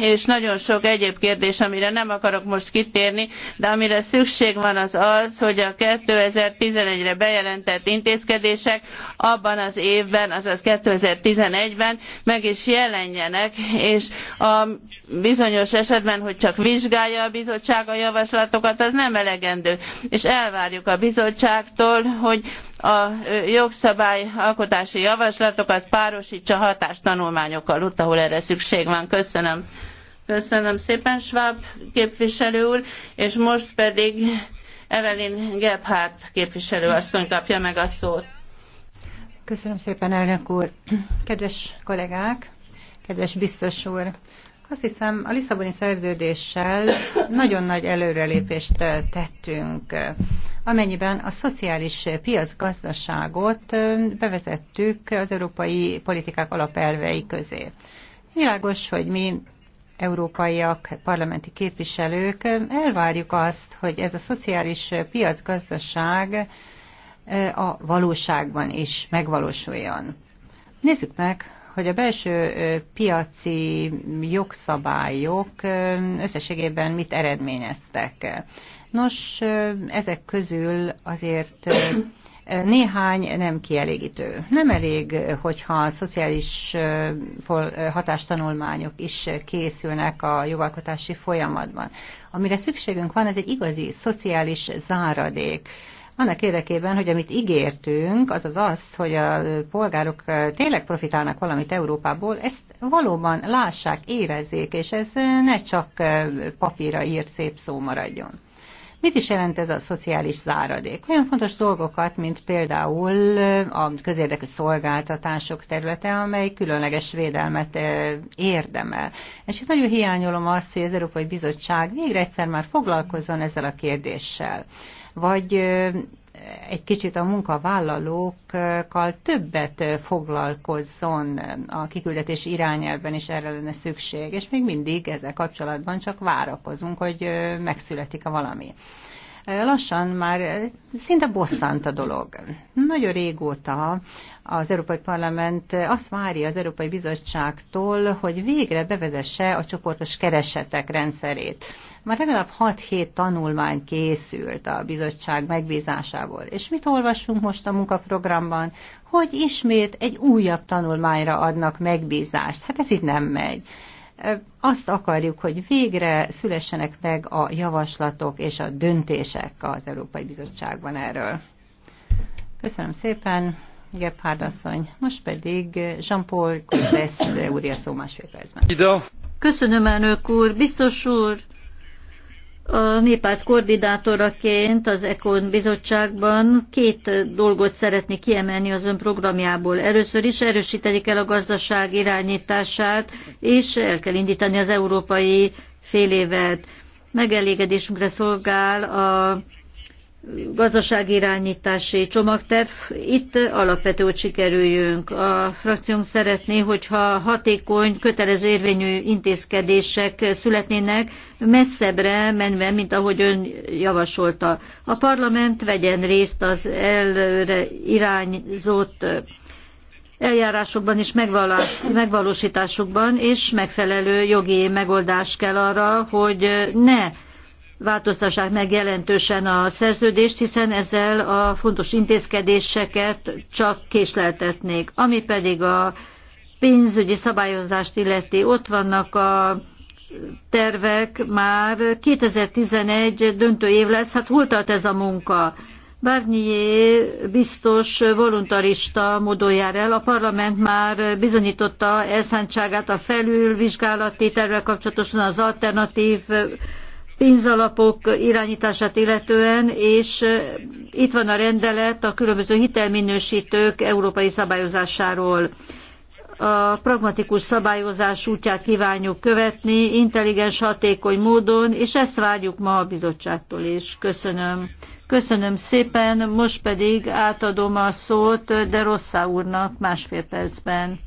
és nagyon sok egyéb kérdés, amire nem akarok most kitérni, de amire szükség van az az, hogy a 2011-re bejelentett intézkedések abban az évben, azaz 2011-ben meg is jelenjenek, és a bizonyos esetben, hogy csak vizsgálja a bizottság a javaslatokat, az nem elegendő. És elvárjuk a bizottságtól, hogy a jogszabályalkotási javaslatokat párosítsa hatástanulmányokkal, ott, ahol erre szükség van. Köszönöm. Köszönöm szépen, Schwab képviselő úr, és most pedig Evelyn Gebhardt képviselő asszony kapja meg a szót. Köszönöm szépen, elnök úr. Kedves kollégák, kedves biztos úr, azt hiszem, a Lisszaboni szerződéssel nagyon nagy előrelépést tettünk, amennyiben a szociális piacgazdaságot bevezettük az európai politikák alapelvei közé. Világos, hogy mi európaiak, parlamenti képviselők elvárjuk azt, hogy ez a szociális piacgazdaság E, a valóságban is megvalósuljon. Nézzük meg, hogy a belső e, piaci jogszabályok e, összességében mit eredményeztek. Nos, ezek közül azért néhány nem kielégítő. Nem elég, hogyha a szociális hatástanulmányok is készülnek a jogalkotási folyamatban. Amire szükségünk van, ez egy igazi szociális záradék annak érdekében, hogy amit ígértünk, az az az, hogy a polgárok tényleg profitálnak valamit Európából, ezt valóban lássák, érezzék, és ez ne csak papírra írt szép szó maradjon. Mit is jelent ez a szociális záradék? Olyan fontos dolgokat, mint például a közérdekű szolgáltatások területe, amely különleges védelmet érdemel. És itt nagyon hiányolom azt, hogy az Európai Bizottság végre egyszer már foglalkozzon ezzel a kérdéssel vagy egy kicsit a munkavállalókkal többet foglalkozzon a kiküldetés irányelven is erre lenne szükség, és még mindig ezzel kapcsolatban csak várakozunk, hogy megszületik a valami. Lassan már szinte bosszant a dolog. Nagyon régóta az Európai Parlament azt várja az Európai Bizottságtól, hogy végre bevezesse a csoportos keresetek rendszerét. Már legalább 6-7 tanulmány készült a bizottság megbízásából. És mit olvassunk most a munkaprogramban? Hogy ismét egy újabb tanulmányra adnak megbízást. Hát ez itt nem megy azt akarjuk, hogy végre szülessenek meg a javaslatok és a döntések az Európai Bizottságban erről. Köszönöm szépen, Gebhard asszony. Most pedig Jean-Paul Kutesz úr, a szó másfél percben. Köszönöm, elnök úr. Biztos úr, a néppárt koordinátoraként az ECON bizottságban két dolgot szeretnék kiemelni az ön programjából. Először is erősíteni kell a gazdaság irányítását, és el kell indítani az európai félévet. Megelégedésünkre szolgál a gazdaságirányítási csomagterv. Itt alapvető, hogy sikerüljünk. A frakciónk szeretné, hogyha hatékony, kötelező érvényű intézkedések születnének, messzebbre menve, mint ahogy ön javasolta. A parlament vegyen részt az előre irányzott eljárásokban és megvalósításokban, megvalósításukban, és megfelelő jogi megoldás kell arra, hogy ne változtassák meg jelentősen a szerződést, hiszen ezzel a fontos intézkedéseket csak késleltetnék. Ami pedig a pénzügyi szabályozást illeti, ott vannak a tervek már 2011 döntő év lesz, hát hol tart ez a munka? Barnier biztos voluntarista módon jár el. A parlament már bizonyította elszántságát a felülvizsgálati tervek kapcsolatosan az alternatív pénzalapok irányítását illetően, és itt van a rendelet a különböző hitelminősítők európai szabályozásáról. A pragmatikus szabályozás útját kívánjuk követni, intelligens, hatékony módon, és ezt várjuk ma a bizottságtól is. Köszönöm. Köszönöm szépen, most pedig átadom a szót de Rosszá úrnak másfél percben.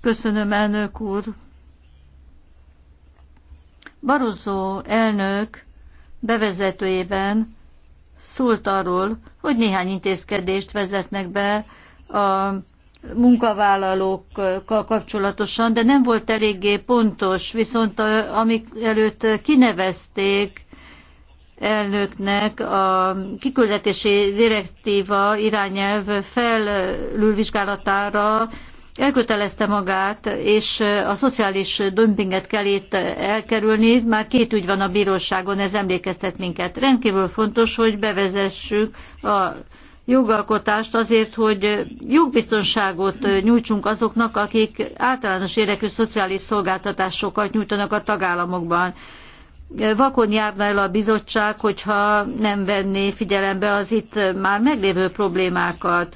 Köszönöm, elnök úr. Barozó elnök bevezetőjében szólt arról, hogy néhány intézkedést vezetnek be a munkavállalókkal kapcsolatosan, de nem volt eléggé pontos, viszont amik előtt kinevezték elnöknek a kiküldetési direktíva irányelv felülvizsgálatára elkötelezte magát, és a szociális dömpinget kell itt elkerülni. Már két ügy van a bíróságon, ez emlékeztet minket. Rendkívül fontos, hogy bevezessük a jogalkotást azért, hogy jogbiztonságot nyújtsunk azoknak, akik általános érdekű szociális szolgáltatásokat nyújtanak a tagállamokban. Vakon járna el a bizottság, hogyha nem venné figyelembe az itt már meglévő problémákat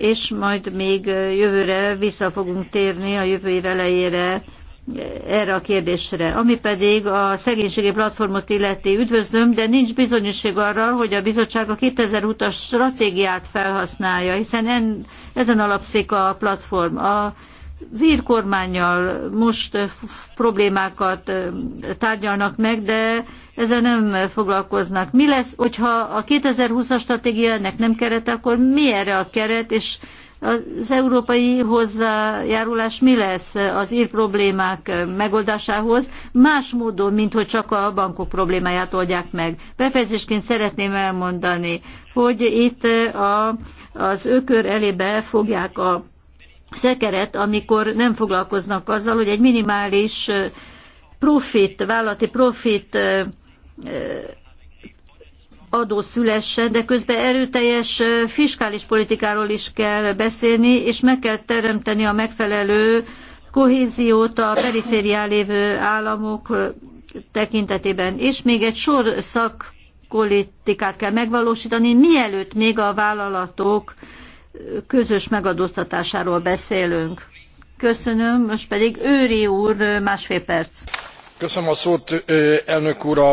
és majd még jövőre vissza fogunk térni a jövő év elejére erre a kérdésre. Ami pedig a szegénységi platformot illeti üdvözlöm, de nincs bizonyosság arra, hogy a bizottság a 2000 utas stratégiát felhasználja, hiszen en, ezen alapszik a platform. A, az ír kormányjal most problémákat tárgyalnak meg, de ezzel nem foglalkoznak. Mi lesz, hogyha a 2020-as stratégia ennek nem keret, akkor mi erre a keret, és az európai hozzájárulás mi lesz az ír problémák megoldásához, más módon, mint hogy csak a bankok problémáját oldják meg. Befejezésként szeretném elmondani, hogy itt a, az ökör elébe fogják a szekeret, amikor nem foglalkoznak azzal, hogy egy minimális profit, vállalati profit adó szülessen, de közben erőteljes fiskális politikáról is kell beszélni, és meg kell teremteni a megfelelő kohéziót a periférián lévő államok tekintetében. És még egy sor szakpolitikát kell megvalósítani, mielőtt még a vállalatok közös megadóztatásáról beszélünk. Köszönöm, most pedig Őri úr másfél perc. Köszönöm a szót, elnök úr. A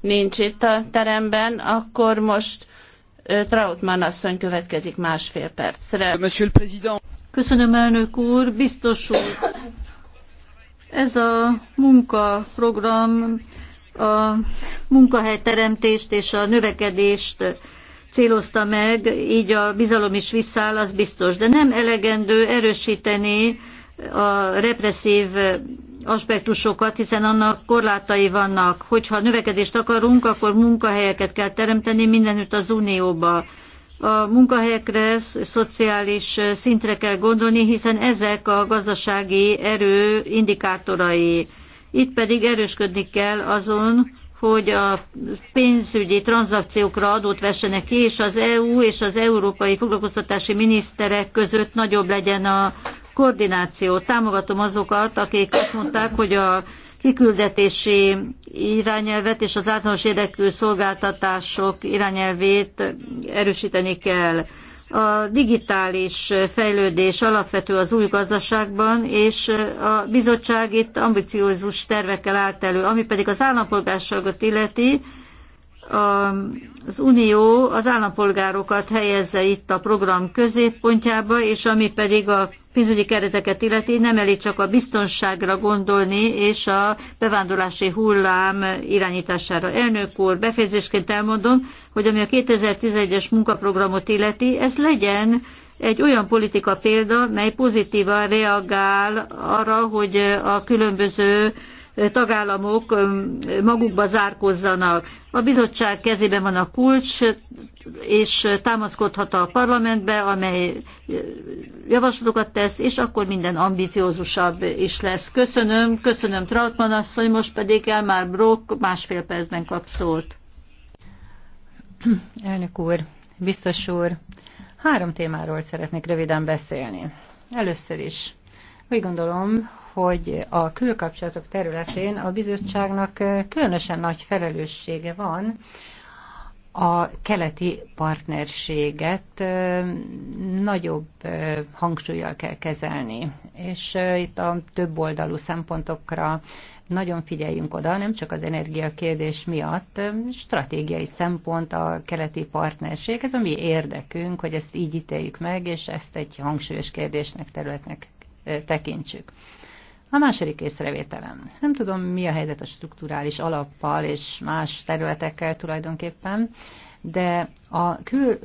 nincs itt a teremben, akkor most Trautmann asszony következik másfél percre. Monsieur le Président. Köszönöm, elnök úr, biztos úr. Ez a munkaprogram a munkahelyteremtést és a növekedést célozta meg, így a bizalom is visszáll, az biztos. De nem elegendő erősíteni a represszív aspektusokat, hiszen annak korlátai vannak. Hogyha növekedést akarunk, akkor munkahelyeket kell teremteni mindenütt az Unióba. A munkahelyekre, szociális szintre kell gondolni, hiszen ezek a gazdasági erő indikátorai. Itt pedig erősködni kell azon, hogy a pénzügyi tranzakciókra adót vessenek ki, és az EU és az európai foglalkoztatási miniszterek között nagyobb legyen a koordináció. Támogatom azokat, akik azt mondták, hogy a kiküldetési irányelvet és az általános érdekű szolgáltatások irányelvét erősíteni kell. A digitális fejlődés alapvető az új gazdaságban, és a bizottság itt ambiciózus tervekkel állt elő, ami pedig az állampolgárságot illeti, az Unió az állampolgárokat helyezze itt a program középpontjába, és ami pedig a pénzügyi kereteket illeti, nem elég csak a biztonságra gondolni és a bevándorlási hullám irányítására. Elnök úr, befejezésként elmondom, hogy ami a 2011-es munkaprogramot illeti, ez legyen egy olyan politika példa, mely pozitívan reagál arra, hogy a különböző tagállamok magukba zárkozzanak. A bizottság kezében van a kulcs, és támaszkodhat a parlamentbe, amely javaslatokat tesz, és akkor minden ambiciózusabb is lesz. Köszönöm, köszönöm Trautmann asszony, most pedig Elmar Brock másfél percben kap szót. Elnök úr, biztos úr, három témáról szeretnék röviden beszélni. Először is úgy gondolom, hogy a külkapcsolatok területén a bizottságnak különösen nagy felelőssége van, a keleti partnerséget nagyobb hangsúlyjal kell kezelni, és itt a több oldalú szempontokra nagyon figyeljünk oda, nem csak az energiakérdés miatt, stratégiai szempont a keleti partnerség, ez a mi érdekünk, hogy ezt így ítéljük meg, és ezt egy hangsúlyos kérdésnek, területnek tekintsük. A második észrevételem. Nem tudom, mi a helyzet a strukturális alappal és más területekkel tulajdonképpen, de a kül,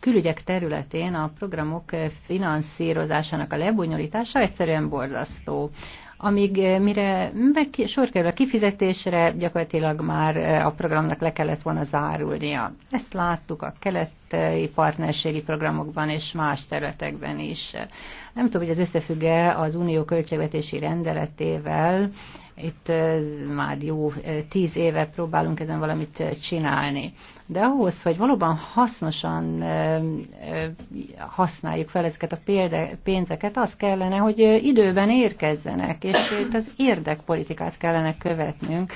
külügyek területén a programok finanszírozásának a lebonyolítása egyszerűen borzasztó amíg eh, mire meg sor kerül a kifizetésre, gyakorlatilag már eh, a programnak le kellett volna zárulnia. Ezt láttuk a keleti partnerségi programokban és más területekben is. Nem tudom, hogy ez összefügg-e az unió költségvetési rendeletével, itt eh, már jó tíz éve próbálunk ezen valamit csinálni. De ahhoz, hogy valóban hasznosan használjuk fel ezeket a pénzeket, az kellene, hogy időben érkezzenek, és itt az érdekpolitikát kellene követnünk.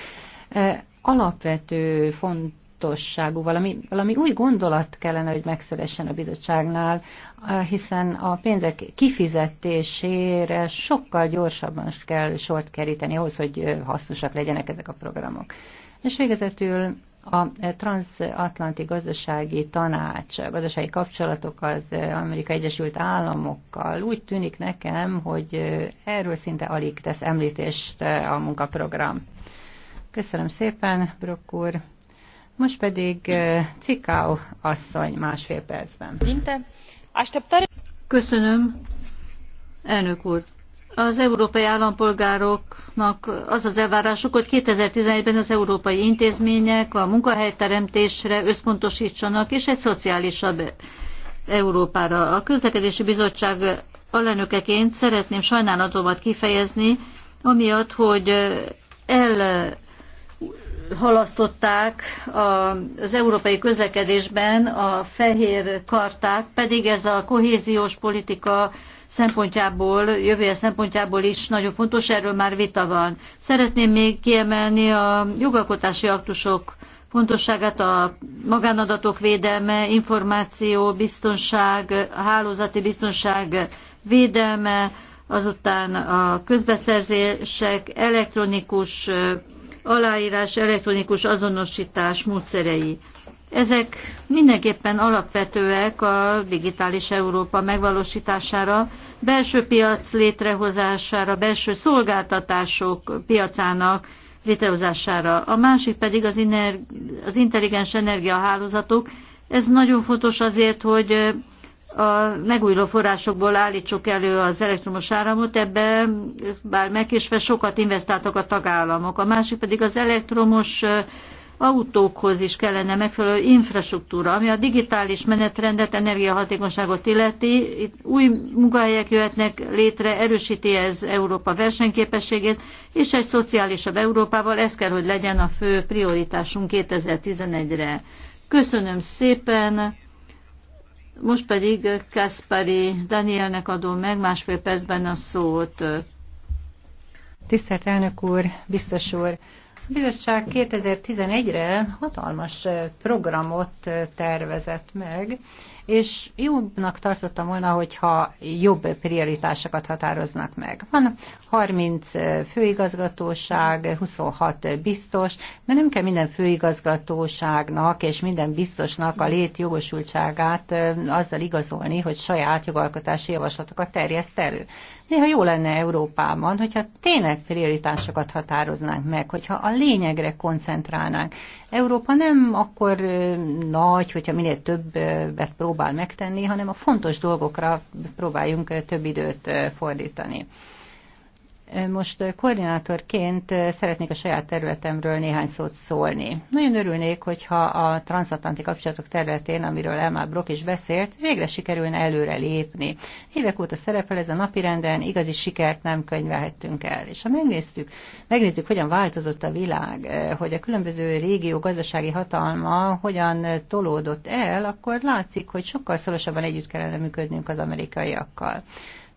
Alapvető font fontosságú, valami, valami új gondolat kellene, hogy megszülessen a bizottságnál, hiszen a pénzek kifizetésére sokkal gyorsabban kell sort keríteni ahhoz, hogy hasznosak legyenek ezek a programok. És végezetül a transatlanti gazdasági tanács, a gazdasági kapcsolatok az Amerika Egyesült Államokkal úgy tűnik nekem, hogy erről szinte alig tesz említést a munkaprogram. Köszönöm szépen, Brock úr. Most pedig eh, Cikau asszony másfél percben. Köszönöm, elnök úr. Az európai állampolgároknak az az elvárásuk, hogy 2011-ben az európai intézmények a munkahelyteremtésre összpontosítsanak, és egy szociálisabb Európára. A közlekedési bizottság alelnökeként szeretném sajnálatomat kifejezni, amiatt, hogy elhalasztották az európai közlekedésben a fehér kartát, pedig ez a kohéziós politika szempontjából, jövője szempontjából is nagyon fontos, erről már vita van. Szeretném még kiemelni a jogalkotási aktusok fontosságát, a magánadatok védelme, információ, biztonság, hálózati biztonság védelme, azután a közbeszerzések, elektronikus aláírás, elektronikus azonosítás módszerei. Ezek mindenképpen alapvetőek a digitális Európa megvalósítására, belső piac létrehozására, belső szolgáltatások piacának létrehozására. A másik pedig az, iner- az intelligens energiahálózatok. Ez nagyon fontos azért, hogy a megújuló forrásokból állítsuk elő az elektromos áramot, ebbe bár megkésve sokat investáltak a tagállamok. A másik pedig az elektromos autókhoz is kellene megfelelő infrastruktúra, ami a digitális menetrendet, energiahatékonyságot illeti. Itt új munkahelyek jöhetnek létre, erősíti ez Európa versenyképességét, és egy szociálisabb Európával, ez kell, hogy legyen a fő prioritásunk 2011-re. Köszönöm szépen! Most pedig Kaspari Danielnek adom meg másfél percben a szót. Tisztelt elnök úr, biztos úr, bizottság 2011-re hatalmas programot tervezett meg, és jobbnak tartottam volna, hogyha jobb prioritásokat határoznak meg. Van 30 főigazgatóság, 26 biztos, de nem kell minden főigazgatóságnak és minden biztosnak a létjogosultságát azzal igazolni, hogy saját jogalkotási javaslatokat terjeszt elő. Néha jó lenne Európában, hogyha tényleg prioritásokat határoznánk meg, hogyha a lényegre koncentrálnánk. Európa nem akkor nagy, hogyha minél többet próbál megtenni, hanem a fontos dolgokra próbáljunk több időt fordítani. Most eh, koordinátorként eh, szeretnék a saját területemről néhány szót szólni. Nagyon örülnék, hogyha a transatlanti kapcsolatok területén, amiről Elmar Brock is beszélt, végre sikerülne előre lépni. Évek óta szerepel ez a napirenden, igazi sikert nem könyvelhettünk el. És ha megnéztük, megnézzük, hogyan változott a világ, eh, hogy a különböző régió gazdasági hatalma hogyan tolódott el, akkor látszik, hogy sokkal szorosabban együtt kellene működnünk az amerikaiakkal.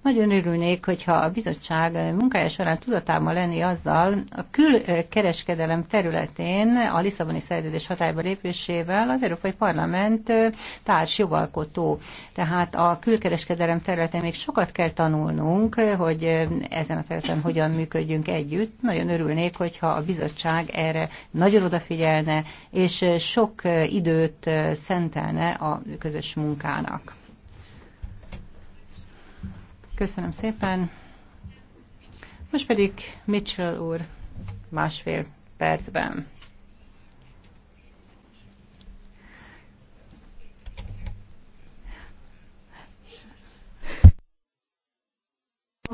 Nagyon örülnék, hogyha a bizottság munkája során tudatában lenni azzal, a külkereskedelem területén a Lisszaboni szerződés hatályba lépésével az Európai Parlament társ jogalkotó. Tehát a külkereskedelem területén még sokat kell tanulnunk, hogy ezen a területen hogyan működjünk együtt. Nagyon örülnék, hogyha a bizottság erre nagyon odafigyelne, és sok időt szentelne a közös munkának. Köszönöm szépen. Most pedig Mitchell úr másfél percben.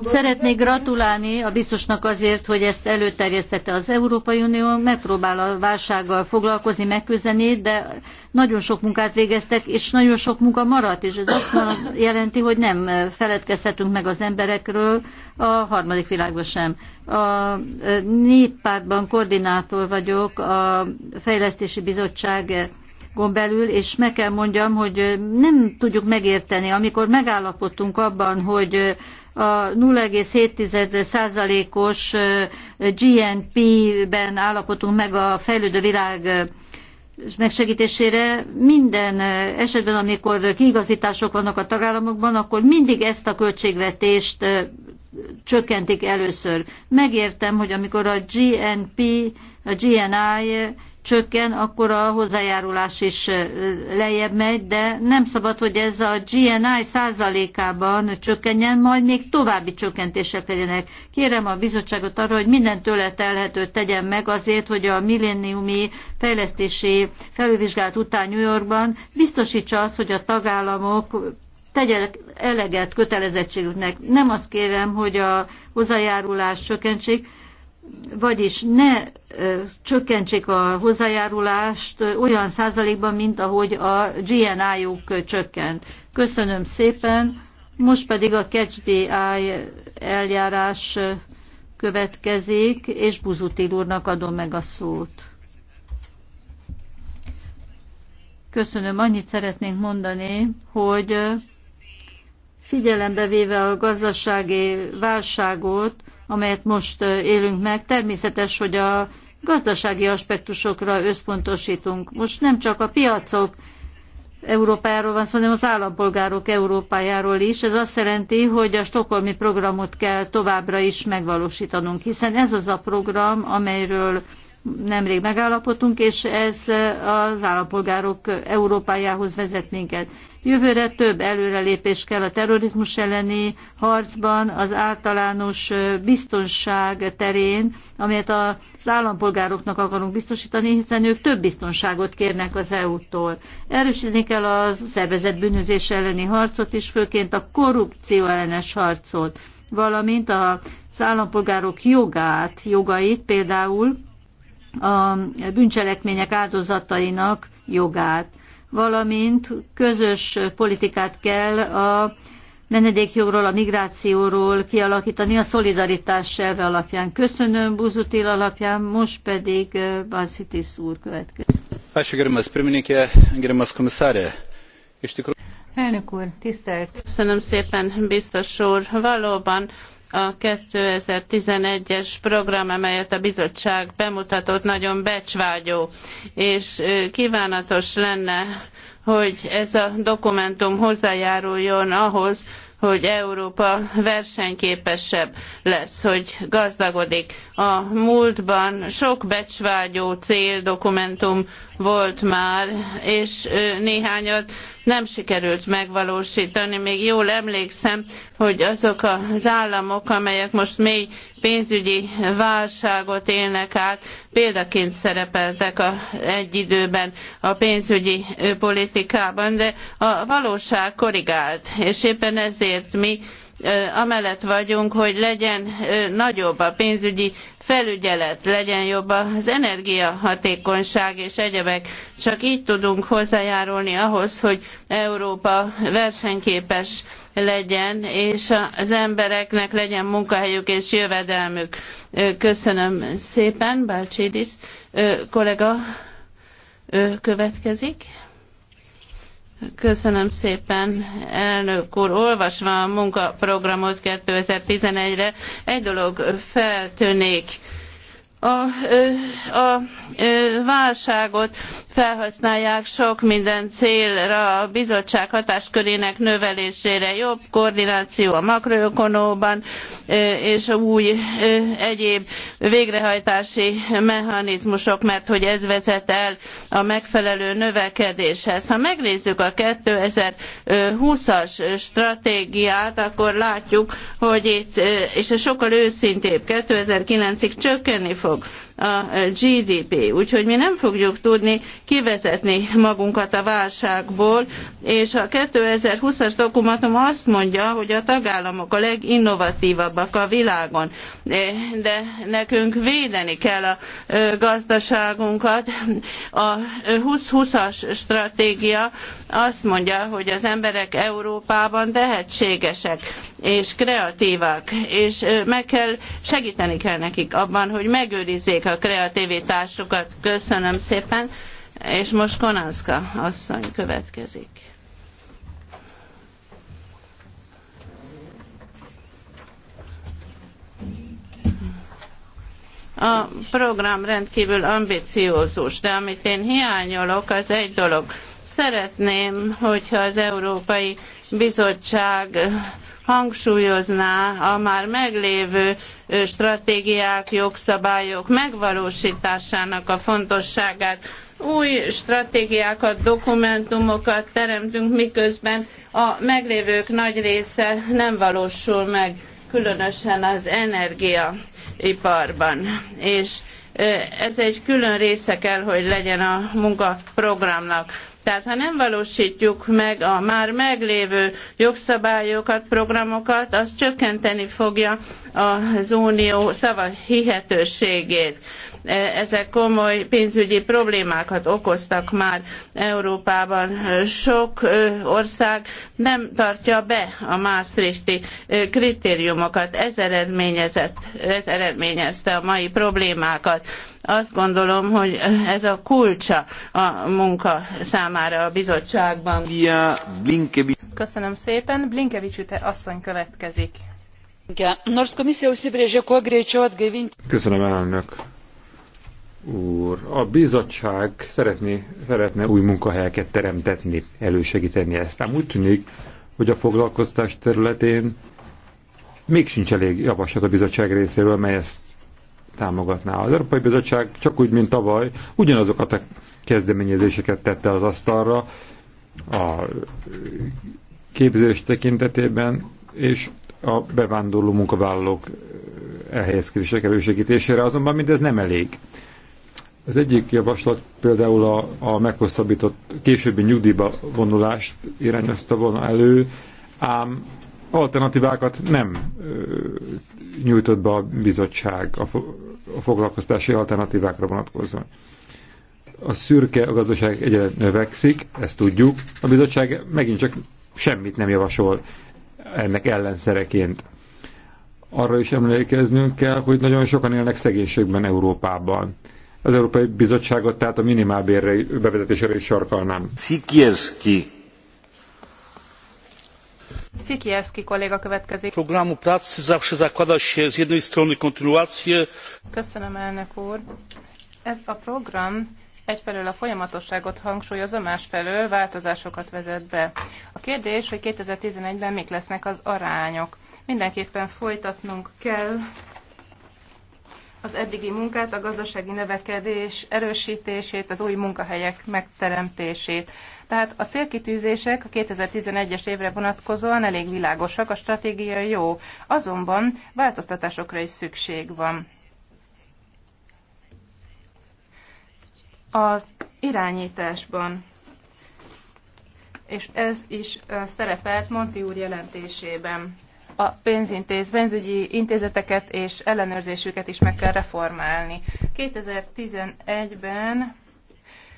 Szeretnék gratulálni a biztosnak azért, hogy ezt előterjesztette az Európai Unió, megpróbál a válsággal foglalkozni, megküzdeni, de nagyon sok munkát végeztek, és nagyon sok munka maradt, és ez azt jelenti, hogy nem feledkezhetünk meg az emberekről a harmadik világban sem. A e, néppártban koordinátor vagyok, a Fejlesztési Bizottság belül, és meg kell mondjam, hogy nem tudjuk megérteni, amikor megállapodtunk abban, hogy a 0,7%-os GNP-ben állapotunk meg a fejlődő világ megsegítésére minden esetben, amikor kiigazítások vannak a tagállamokban, akkor mindig ezt a költségvetést csökkentik először. Megértem, hogy amikor a GNP, a GNI csökken, akkor a hozzájárulás is lejjebb megy, de nem szabad, hogy ez a GNI százalékában csökkenjen, majd még további csökkentések legyenek. Kérem a bizottságot arra, hogy minden tőle telhető tegyen meg azért, hogy a milléniumi fejlesztési felülvizsgálat után New Yorkban biztosítsa azt, hogy a tagállamok tegyenek eleget kötelezettségüknek. Nem azt kérem, hogy a hozzájárulás csökkentsék, vagyis ne csökkentsék a hozzájárulást olyan százalékban, mint ahogy a GNI-juk csökkent. Köszönöm szépen. Most pedig a CatchDI eljárás következik, és Buzutil úrnak adom meg a szót. Köszönöm, annyit szeretnénk mondani, hogy figyelembe véve a gazdasági válságot, amelyet most élünk meg, természetes, hogy a gazdasági aspektusokra összpontosítunk. Most nem csak a piacok Európájáról van szó, hanem az állampolgárok Európájáról is. Ez azt jelenti, hogy a stokholmi programot kell továbbra is megvalósítanunk, hiszen ez az a program, amelyről nemrég megállapodtunk, és ez az állampolgárok Európájához vezet minket. Jövőre több előrelépés kell a terrorizmus elleni harcban, az általános biztonság terén, amelyet az állampolgároknak akarunk biztosítani, hiszen ők több biztonságot kérnek az EU-tól. Erősíteni kell a szervezett bűnözés elleni harcot is, főként a korrupció ellenes harcot, valamint az állampolgárok jogát, jogait például, a bűncselekmények áldozatainak jogát, valamint közös politikát kell a menedékjogról, a migrációról kialakítani a szolidaritás elve alapján. Köszönöm Buzutil alapján, most pedig Bansitis úr következik. Elnök úr, tisztelt! Köszönöm szépen, biztos úr. Valóban a 2011-es program, amelyet a bizottság bemutatott, nagyon becsvágyó, és kívánatos lenne, hogy ez a dokumentum hozzájáruljon ahhoz, hogy Európa versenyképesebb lesz, hogy gazdagodik. A múltban sok becsvágyó céldokumentum volt már, és néhányat nem sikerült megvalósítani. Még jól emlékszem, hogy azok az államok, amelyek most mély pénzügyi válságot élnek át, példaként szerepeltek a, egy időben a pénzügyi politikában, de a valóság korrigált, és éppen ezért mi amellett vagyunk, hogy legyen nagyobb a pénzügyi felügyelet, legyen jobb az energiahatékonyság és egyebek. Csak így tudunk hozzájárulni ahhoz, hogy Európa versenyképes legyen, és az embereknek legyen munkahelyük és jövedelmük. Köszönöm szépen, Bálcsidis kollega következik. Köszönöm szépen, elnök úr. Olvasva a munkaprogramot 2011-re, egy dolog feltűnik a, a válságot felhasználják sok minden célra, a bizottság hatáskörének növelésére, jobb koordináció a makroökonóban és új egyéb végrehajtási mechanizmusok, mert hogy ez vezet el a megfelelő növekedéshez. Ha megnézzük a 2020-as stratégiát, akkor látjuk, hogy itt, és ez sokkal őszintébb, 2009-ig csökkenni fog dolog a GDP. Úgyhogy mi nem fogjuk tudni kivezetni magunkat a válságból, és a 2020-as dokumentum azt mondja, hogy a tagállamok a leginnovatívabbak a világon, de nekünk védeni kell a gazdaságunkat. A 2020-as stratégia azt mondja, hogy az emberek Európában tehetségesek és kreatívak, és meg kell, segíteni kell nekik abban, hogy megőrizzék a a kreativitásukat. Köszönöm szépen. És most Konanszka asszony következik. A program rendkívül ambiciózus, de amit én hiányolok, az egy dolog. Szeretném, hogyha az Európai Bizottság hangsúlyozná a már meglévő stratégiák, jogszabályok megvalósításának a fontosságát. Új stratégiákat, dokumentumokat teremtünk, miközben a meglévők nagy része nem valósul meg, különösen az energiaiparban. És ez egy külön része kell, hogy legyen a munkaprogramnak tehát ha nem valósítjuk meg a már meglévő jogszabályokat, programokat, az csökkenteni fogja az unió szava hihetőségét E, ezek komoly pénzügyi problémákat okoztak már Európában. E, sok e, ország nem tartja be a Maastrichti kritériumokat. Ez, eredményezett, ez eredményezte a mai problémákat. Azt gondolom, hogy ez a kulcsa a munka számára a bizottságban. Köszönöm szépen. Blinkevicsüte asszony következik. Köszönöm, elnök úr, a bizottság szeretné, szeretne új munkahelyeket teremtetni, elősegíteni ezt. Ám úgy tűnik, hogy a foglalkoztás területén még sincs elég javaslat a bizottság részéről, mely ezt támogatná. Az Európai Bizottság csak úgy, mint tavaly, ugyanazokat a kezdeményezéseket tette az asztalra a képzés tekintetében, és a bevándorló munkavállalók elhelyezkedések elősegítésére, azonban mindez nem elég. Az egyik javaslat például a, a meghosszabbított későbbi nyugdíjba vonulást irányozta volna elő, ám alternatívákat nem ö, nyújtott be a bizottság a, a foglalkoztási alternatívákra vonatkozóan. A szürke a gazdaság egyre növekszik, ezt tudjuk, a bizottság megint csak semmit nem javasol ennek ellenszereként. Arra is emlékeznünk kell, hogy nagyon sokan élnek szegénységben Európában az Európai Bizottságot, tehát a minimálbérre bevezetésére is sarkalnám. Szikierszki. Szikierszki kolléga következik. Programu pracy zawsze zakłada się z jednej strony Köszönöm, elnök úr. Ez a program egyfelől a folyamatosságot hangsúlyozza, másfelől változásokat vezet be. A kérdés, hogy 2011-ben mik lesznek az arányok. Mindenképpen folytatnunk kell az eddigi munkát, a gazdasági növekedés erősítését, az új munkahelyek megteremtését. Tehát a célkitűzések a 2011-es évre vonatkozóan elég világosak, a stratégia jó, azonban változtatásokra is szükség van. Az irányításban és ez is szerepelt Monti úr jelentésében a pénzintéz, pénzügyi intézeteket és ellenőrzésüket is meg kell reformálni. 2011-ben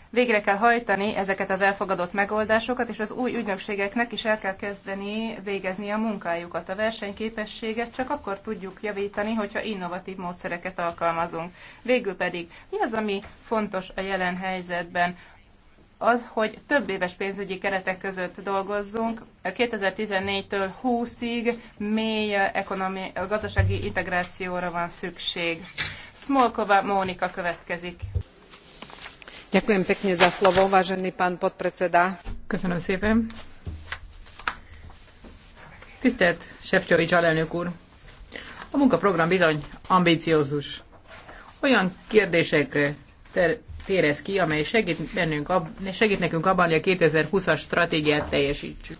végre kell hajtani ezeket az elfogadott megoldásokat, és az új ügynökségeknek is el kell kezdeni végezni a munkájukat. A versenyképességet csak akkor tudjuk javítani, hogyha innovatív módszereket alkalmazunk. Végül pedig, mi az, ami fontos a jelen helyzetben? az, hogy több éves pénzügyi keretek között dolgozzunk, 2014-től 20-ig mély ekonomi, gazdasági integrációra van szükség. Smolkova Mónika következik. Ďakujem pekne za slovo, vážený pán podpredseda. Köszönöm szépen. Tisztelt Sefcsovics alelnök úr! A munkaprogram bizony ambíciózus. Olyan kérdésekre ter- térez ki, amely segít, bennünk ab, segít nekünk abban, hogy a 2020-as stratégiát teljesítsük.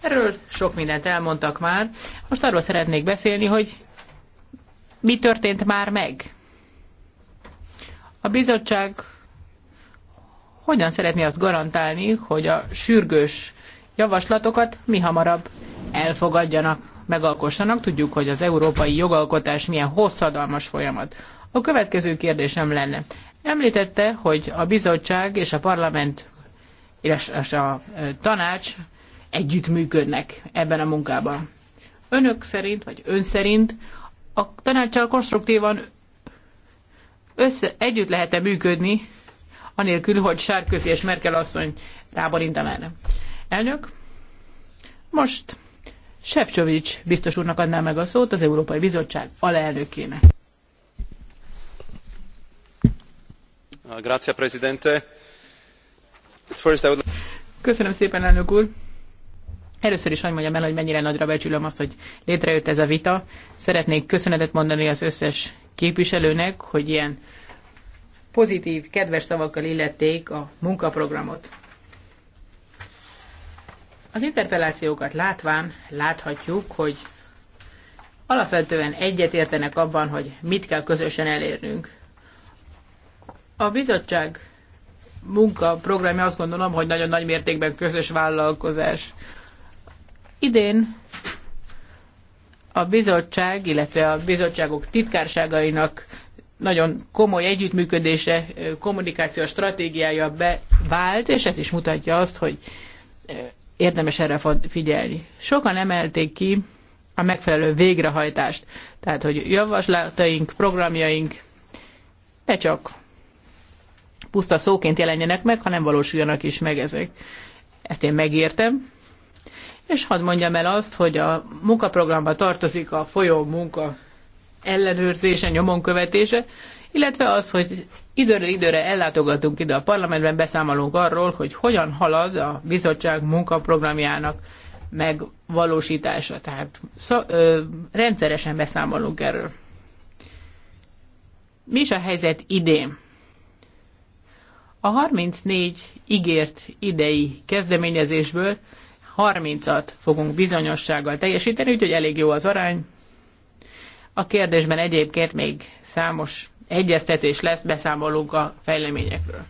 Erről sok mindent elmondtak már. Most arról szeretnék beszélni, hogy mi történt már meg. A bizottság hogyan szeretné azt garantálni, hogy a sürgős javaslatokat mi hamarabb elfogadjanak, megalkossanak. Tudjuk, hogy az európai jogalkotás milyen hosszadalmas folyamat. A következő kérdésem lenne. Említette, hogy a bizottság és a parlament, és a tanács együttműködnek ebben a munkában. Önök szerint, vagy ön szerint a tanácssal konstruktívan össze, együtt lehet-e működni, anélkül, hogy Sárközi és Merkel asszony ráborintam erre. Elnök, most Sefcsovics biztos úrnak adná meg a szót az Európai Bizottság alelnökének. Köszönöm szépen, elnök úr! Először is hagyd mondjam el, hogy mennyire nagyra becsülöm azt, hogy létrejött ez a vita. Szeretnék köszönetet mondani az összes képviselőnek, hogy ilyen pozitív, kedves szavakkal illették a munkaprogramot. Az interpellációkat látván láthatjuk, hogy alapvetően egyetértenek abban, hogy mit kell közösen elérnünk. A bizottság munkaprogramja azt gondolom, hogy nagyon nagy mértékben közös vállalkozás. Idén a bizottság, illetve a bizottságok titkárságainak nagyon komoly együttműködése, kommunikációs stratégiája bevált, és ez is mutatja azt, hogy érdemes erre figyelni. Sokan emelték ki a megfelelő végrehajtást, tehát hogy javaslataink, programjaink ne csak puszta szóként jelenjenek meg, hanem valósuljanak is meg ezek. Ezt én megértem. És hadd mondjam el azt, hogy a munkaprogramba tartozik a folyó munka ellenőrzése, nyomon követése, illetve az, hogy időről időre ellátogatunk ide a parlamentben, beszámolunk arról, hogy hogyan halad a bizottság munkaprogramjának megvalósítása. Tehát szó, ö, rendszeresen beszámolunk erről. Mi is a helyzet idén? A 34 ígért idei kezdeményezésből 30-at fogunk bizonyossággal teljesíteni, úgyhogy elég jó az arány. A kérdésben egyébként még számos egyeztetés lesz, beszámolunk a fejleményekről.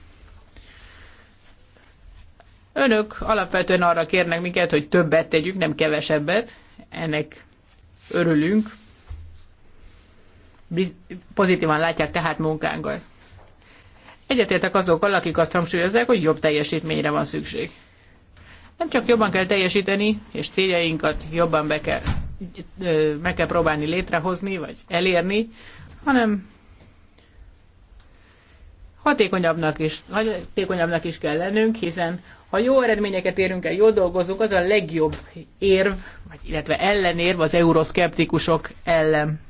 Önök alapvetően arra kérnek minket, hogy többet tegyük, nem kevesebbet. Ennek örülünk. Pozitívan látják tehát munkánkat. Egyetértek azokkal, akik azt hangsúlyozzák, hogy jobb teljesítményre van szükség. Nem csak jobban kell teljesíteni, és céljainkat jobban be kell, meg kell próbálni létrehozni, vagy elérni, hanem hatékonyabbnak is, hatékonyabbnak is kell lennünk, hiszen ha jó eredményeket érünk el, jól dolgozunk, az a legjobb érv, vagy illetve ellenérv az euroszkeptikusok ellen.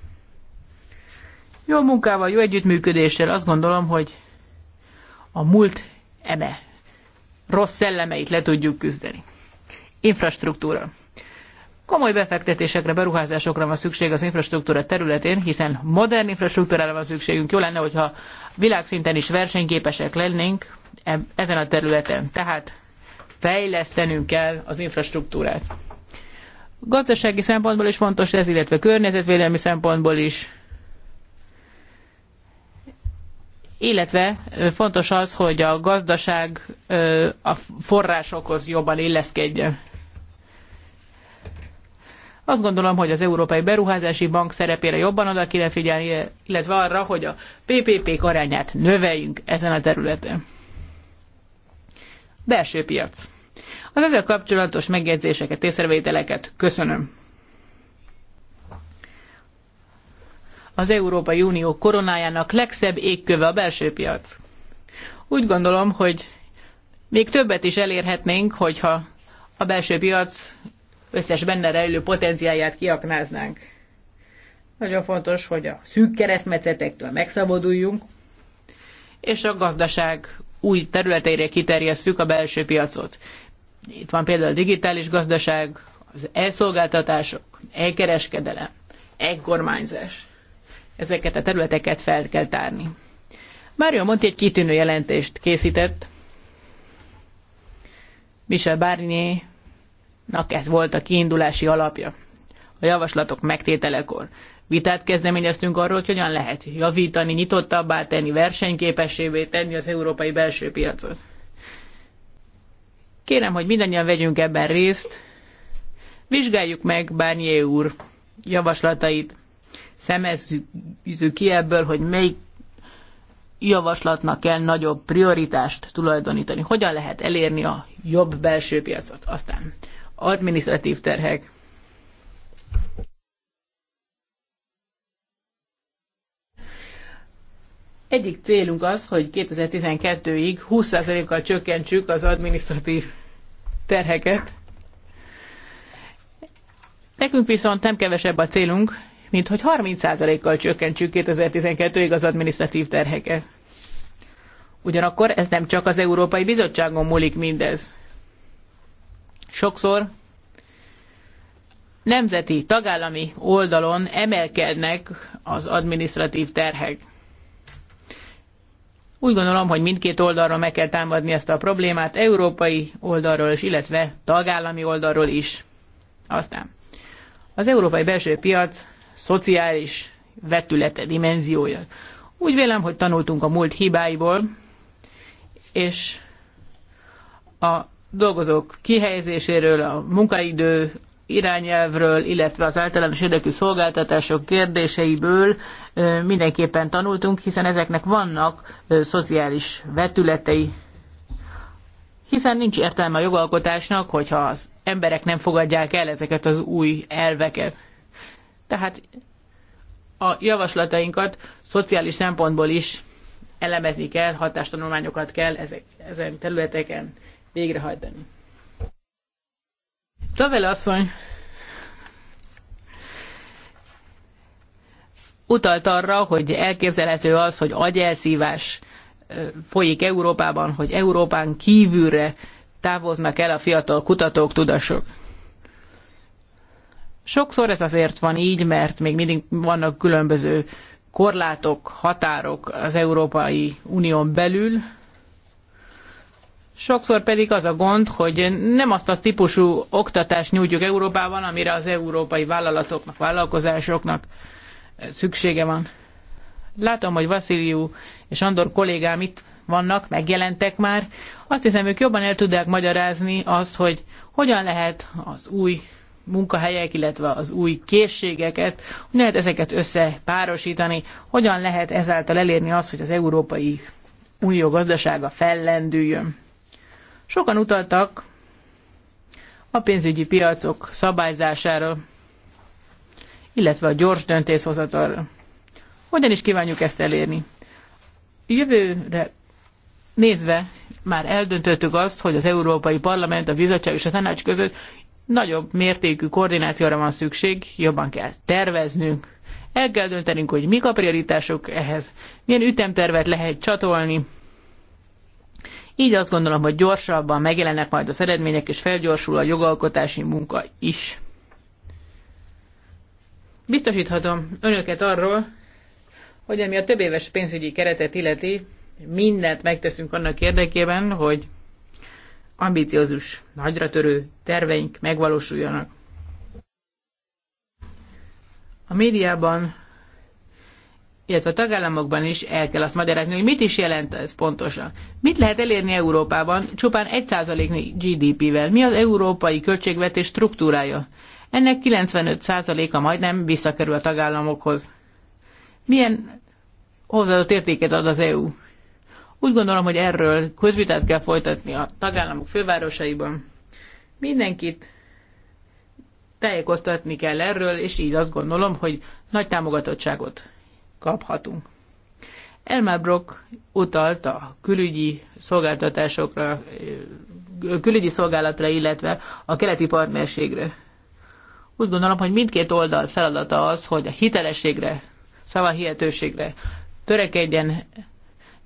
Jó munkával, jó együttműködéssel azt gondolom, hogy a múlt eme rossz szellemeit le tudjuk küzdeni. Infrastruktúra. Komoly befektetésekre, beruházásokra van szükség az infrastruktúra területén, hiszen modern infrastruktúrára van szükségünk. Jó lenne, hogyha világszinten is versenyképesek lennénk e- ezen a területen. Tehát fejlesztenünk kell az infrastruktúrát. Gazdasági szempontból is fontos ez, illetve környezetvédelmi szempontból is illetve fontos az, hogy a gazdaság a forrásokhoz jobban illeszkedjen. Azt gondolom, hogy az Európai Beruházási Bank szerepére jobban oda kéne figyelni, illetve arra, hogy a PPP-k arányát növeljünk ezen a területen. Belső piac. Az ezzel kapcsolatos megjegyzéseket, észrevételeket köszönöm. az Európai Unió koronájának legszebb égköve a belső piac. Úgy gondolom, hogy még többet is elérhetnénk, hogyha a belső piac összes benne rejlő potenciáját kiaknáznánk. Nagyon fontos, hogy a szűk keresztmetszetektől megszabaduljunk, és a gazdaság új területeire kiterjesszük a belső piacot. Itt van például a digitális gazdaság, az elszolgáltatások, elkereskedelem, elkormányzás. kormányzás ezeket a területeket fel kell tárni. Mário Monti egy kitűnő jelentést készített. Michel Barnier-nak ez volt a kiindulási alapja. A javaslatok megtételekor vitát kezdeményeztünk arról, hogy hogyan lehet javítani, nyitottabbá tenni, versenyképessévé tenni az európai belső piacot. Kérem, hogy mindannyian vegyünk ebben részt, vizsgáljuk meg Barnier úr javaslatait szemezzük ki ebből, hogy melyik javaslatnak kell nagyobb prioritást tulajdonítani. Hogyan lehet elérni a jobb belső piacot? Aztán administratív terhek. Egyik célunk az, hogy 2012-ig 20%-kal csökkentsük az administratív terheket. Nekünk viszont nem kevesebb a célunk, mint hogy 30%-kal csökkentsük 2012-ig az adminisztratív terheket. Ugyanakkor ez nem csak az Európai Bizottságon múlik mindez. Sokszor nemzeti, tagállami oldalon emelkednek az adminisztratív terhek. Úgy gondolom, hogy mindkét oldalról meg kell támadni ezt a problémát, európai oldalról is, illetve tagállami oldalról is. Aztán az európai belső piac szociális vetülete, dimenziója. Úgy vélem, hogy tanultunk a múlt hibáiból, és a dolgozók kihelyezéséről, a munkaidő irányelvről, illetve az általános érdekű szolgáltatások kérdéseiből mindenképpen tanultunk, hiszen ezeknek vannak szociális vetületei, hiszen nincs értelme a jogalkotásnak, hogyha az emberek nem fogadják el ezeket az új elveket. Tehát a javaslatainkat szociális szempontból is elemezni kell, hatástanulmányokat kell ezek, ezen területeken végrehajtani. Tavel asszony utalt arra, hogy elképzelhető az, hogy agyelszívás folyik Európában, hogy Európán kívülre távoznak el a fiatal kutatók, tudások. Sokszor ez azért van így, mert még mindig vannak különböző korlátok, határok az Európai Unión belül, Sokszor pedig az a gond, hogy nem azt a típusú oktatást nyújtjuk Európában, amire az európai vállalatoknak, vállalkozásoknak szüksége van. Látom, hogy Vasziliu és Andor kollégám itt vannak, megjelentek már. Azt hiszem, ők jobban el tudják magyarázni azt, hogy hogyan lehet az új munkahelyek, illetve az új készségeket, hogy lehet ezeket összepárosítani, hogyan lehet ezáltal elérni azt, hogy az Európai Unió gazdasága fellendüljön. Sokan utaltak a pénzügyi piacok szabályzására, illetve a gyors döntéshozatalra. Hogyan is kívánjuk ezt elérni? Jövőre nézve már eldöntöttük azt, hogy az Európai Parlament, a Bizottság és a Tanács között nagyobb mértékű koordinációra van szükség, jobban kell terveznünk, el kell döntenünk, hogy mik a prioritások ehhez, milyen ütemtervet lehet csatolni. Így azt gondolom, hogy gyorsabban megjelennek majd az eredmények, és felgyorsul a jogalkotási munka is. Biztosíthatom önöket arról, hogy ami a több éves pénzügyi keretet illeti, mindent megteszünk annak érdekében, hogy ambiciózus, nagyra törő terveink megvalósuljanak. A médiában, illetve a tagállamokban is el kell azt magyarázni, hogy mit is jelent ez pontosan. Mit lehet elérni Európában csupán 1%-nyi GDP-vel? Mi az európai költségvetés struktúrája? Ennek 95%-a majdnem visszakerül a tagállamokhoz. Milyen hozzáadott értéket ad az EU? Úgy gondolom, hogy erről közvitát kell folytatni a tagállamok fővárosaiban. Mindenkit tájékoztatni kell erről, és így azt gondolom, hogy nagy támogatottságot kaphatunk. Elmar Brock utalt a külügyi szolgáltatásokra, külügyi szolgálatra, illetve a keleti partnerségre. Úgy gondolom, hogy mindkét oldal feladata az, hogy a hitelességre, szavahihetőségre törekedjen,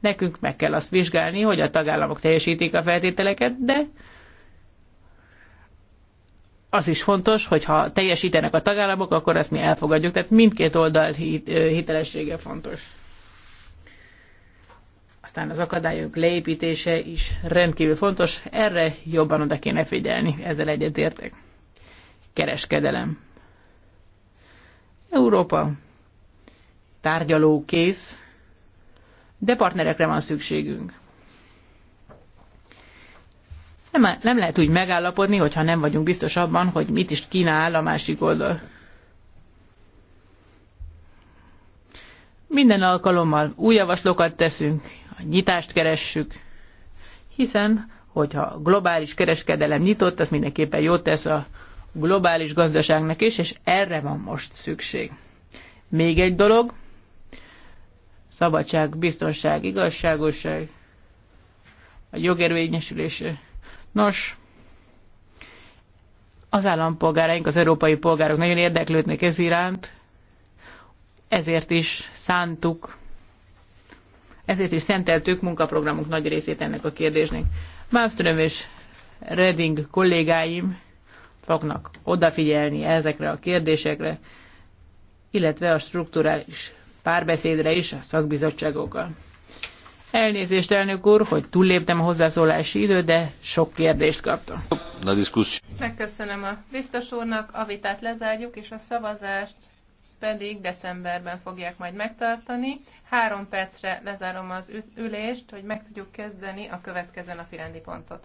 Nekünk meg kell azt vizsgálni, hogy a tagállamok teljesítik a feltételeket, de az is fontos, hogy ha teljesítenek a tagállamok, akkor ezt mi elfogadjuk. Tehát mindkét oldal hitelessége fontos. Aztán az akadályok leépítése is rendkívül fontos, erre jobban oda kéne figyelni, ezzel egyetértek. Kereskedelem. Európa tárgyalókész, de partnerekre van szükségünk. Nem, nem lehet úgy megállapodni, hogyha nem vagyunk biztos abban, hogy mit is kínál a másik oldal. Minden alkalommal új javaslókat teszünk, a nyitást keressük, hiszen, hogyha globális kereskedelem nyitott, az mindenképpen jót tesz a globális gazdaságnak is, és erre van most szükség. Még egy dolog, szabadság, biztonság, igazságosság, a jogérvényesülése. Nos, az állampolgáraink, az európai polgárok nagyon érdeklődnek ez iránt, ezért is szántuk, ezért is szenteltük munkaprogramunk nagy részét ennek a kérdésnek. Malmström és Reding kollégáim fognak odafigyelni ezekre a kérdésekre, illetve a strukturális párbeszédre is a szakbizottságokkal. Elnézést, elnök úr, hogy túlléptem a hozzászólási időt, de sok kérdést kaptam. Na, Megköszönöm a biztos úrnak, a vitát lezárjuk, és a szavazást pedig decemberben fogják majd megtartani. Három percre lezárom az ülést, hogy meg tudjuk kezdeni a következő napi rendi pontot.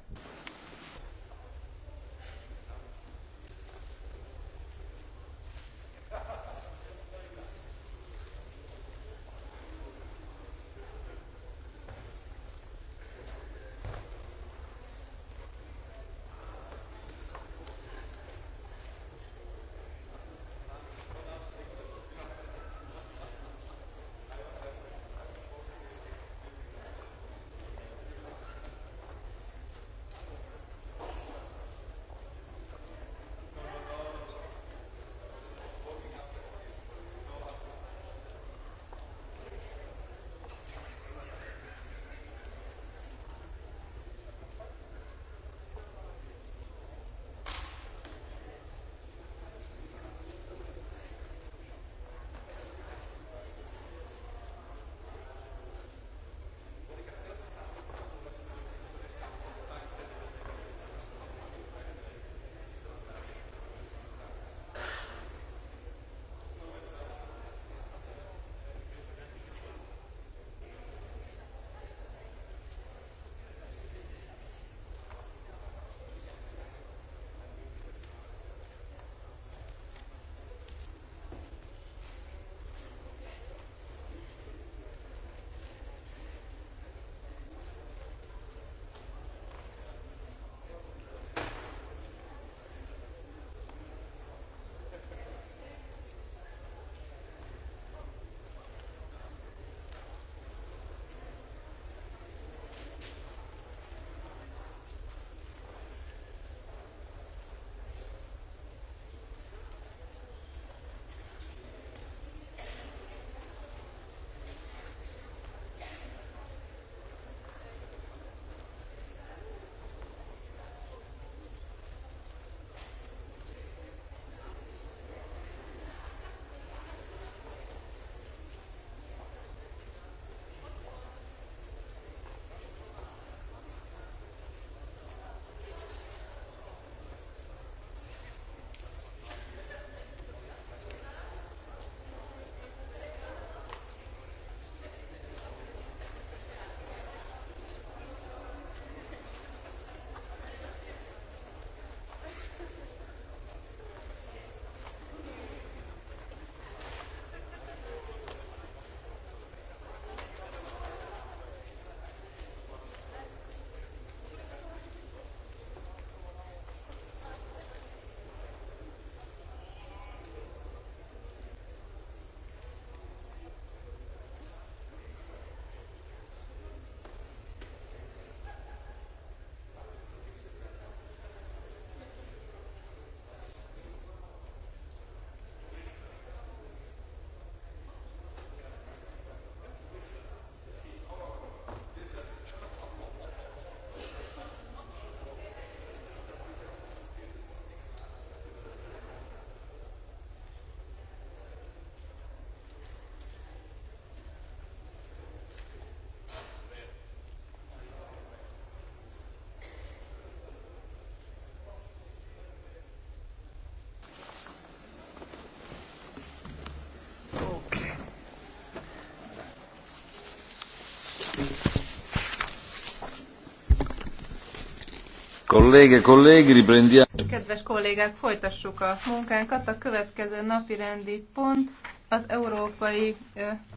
Kedves kollégák, folytassuk a munkánkat. A következő napi rendi pont az európai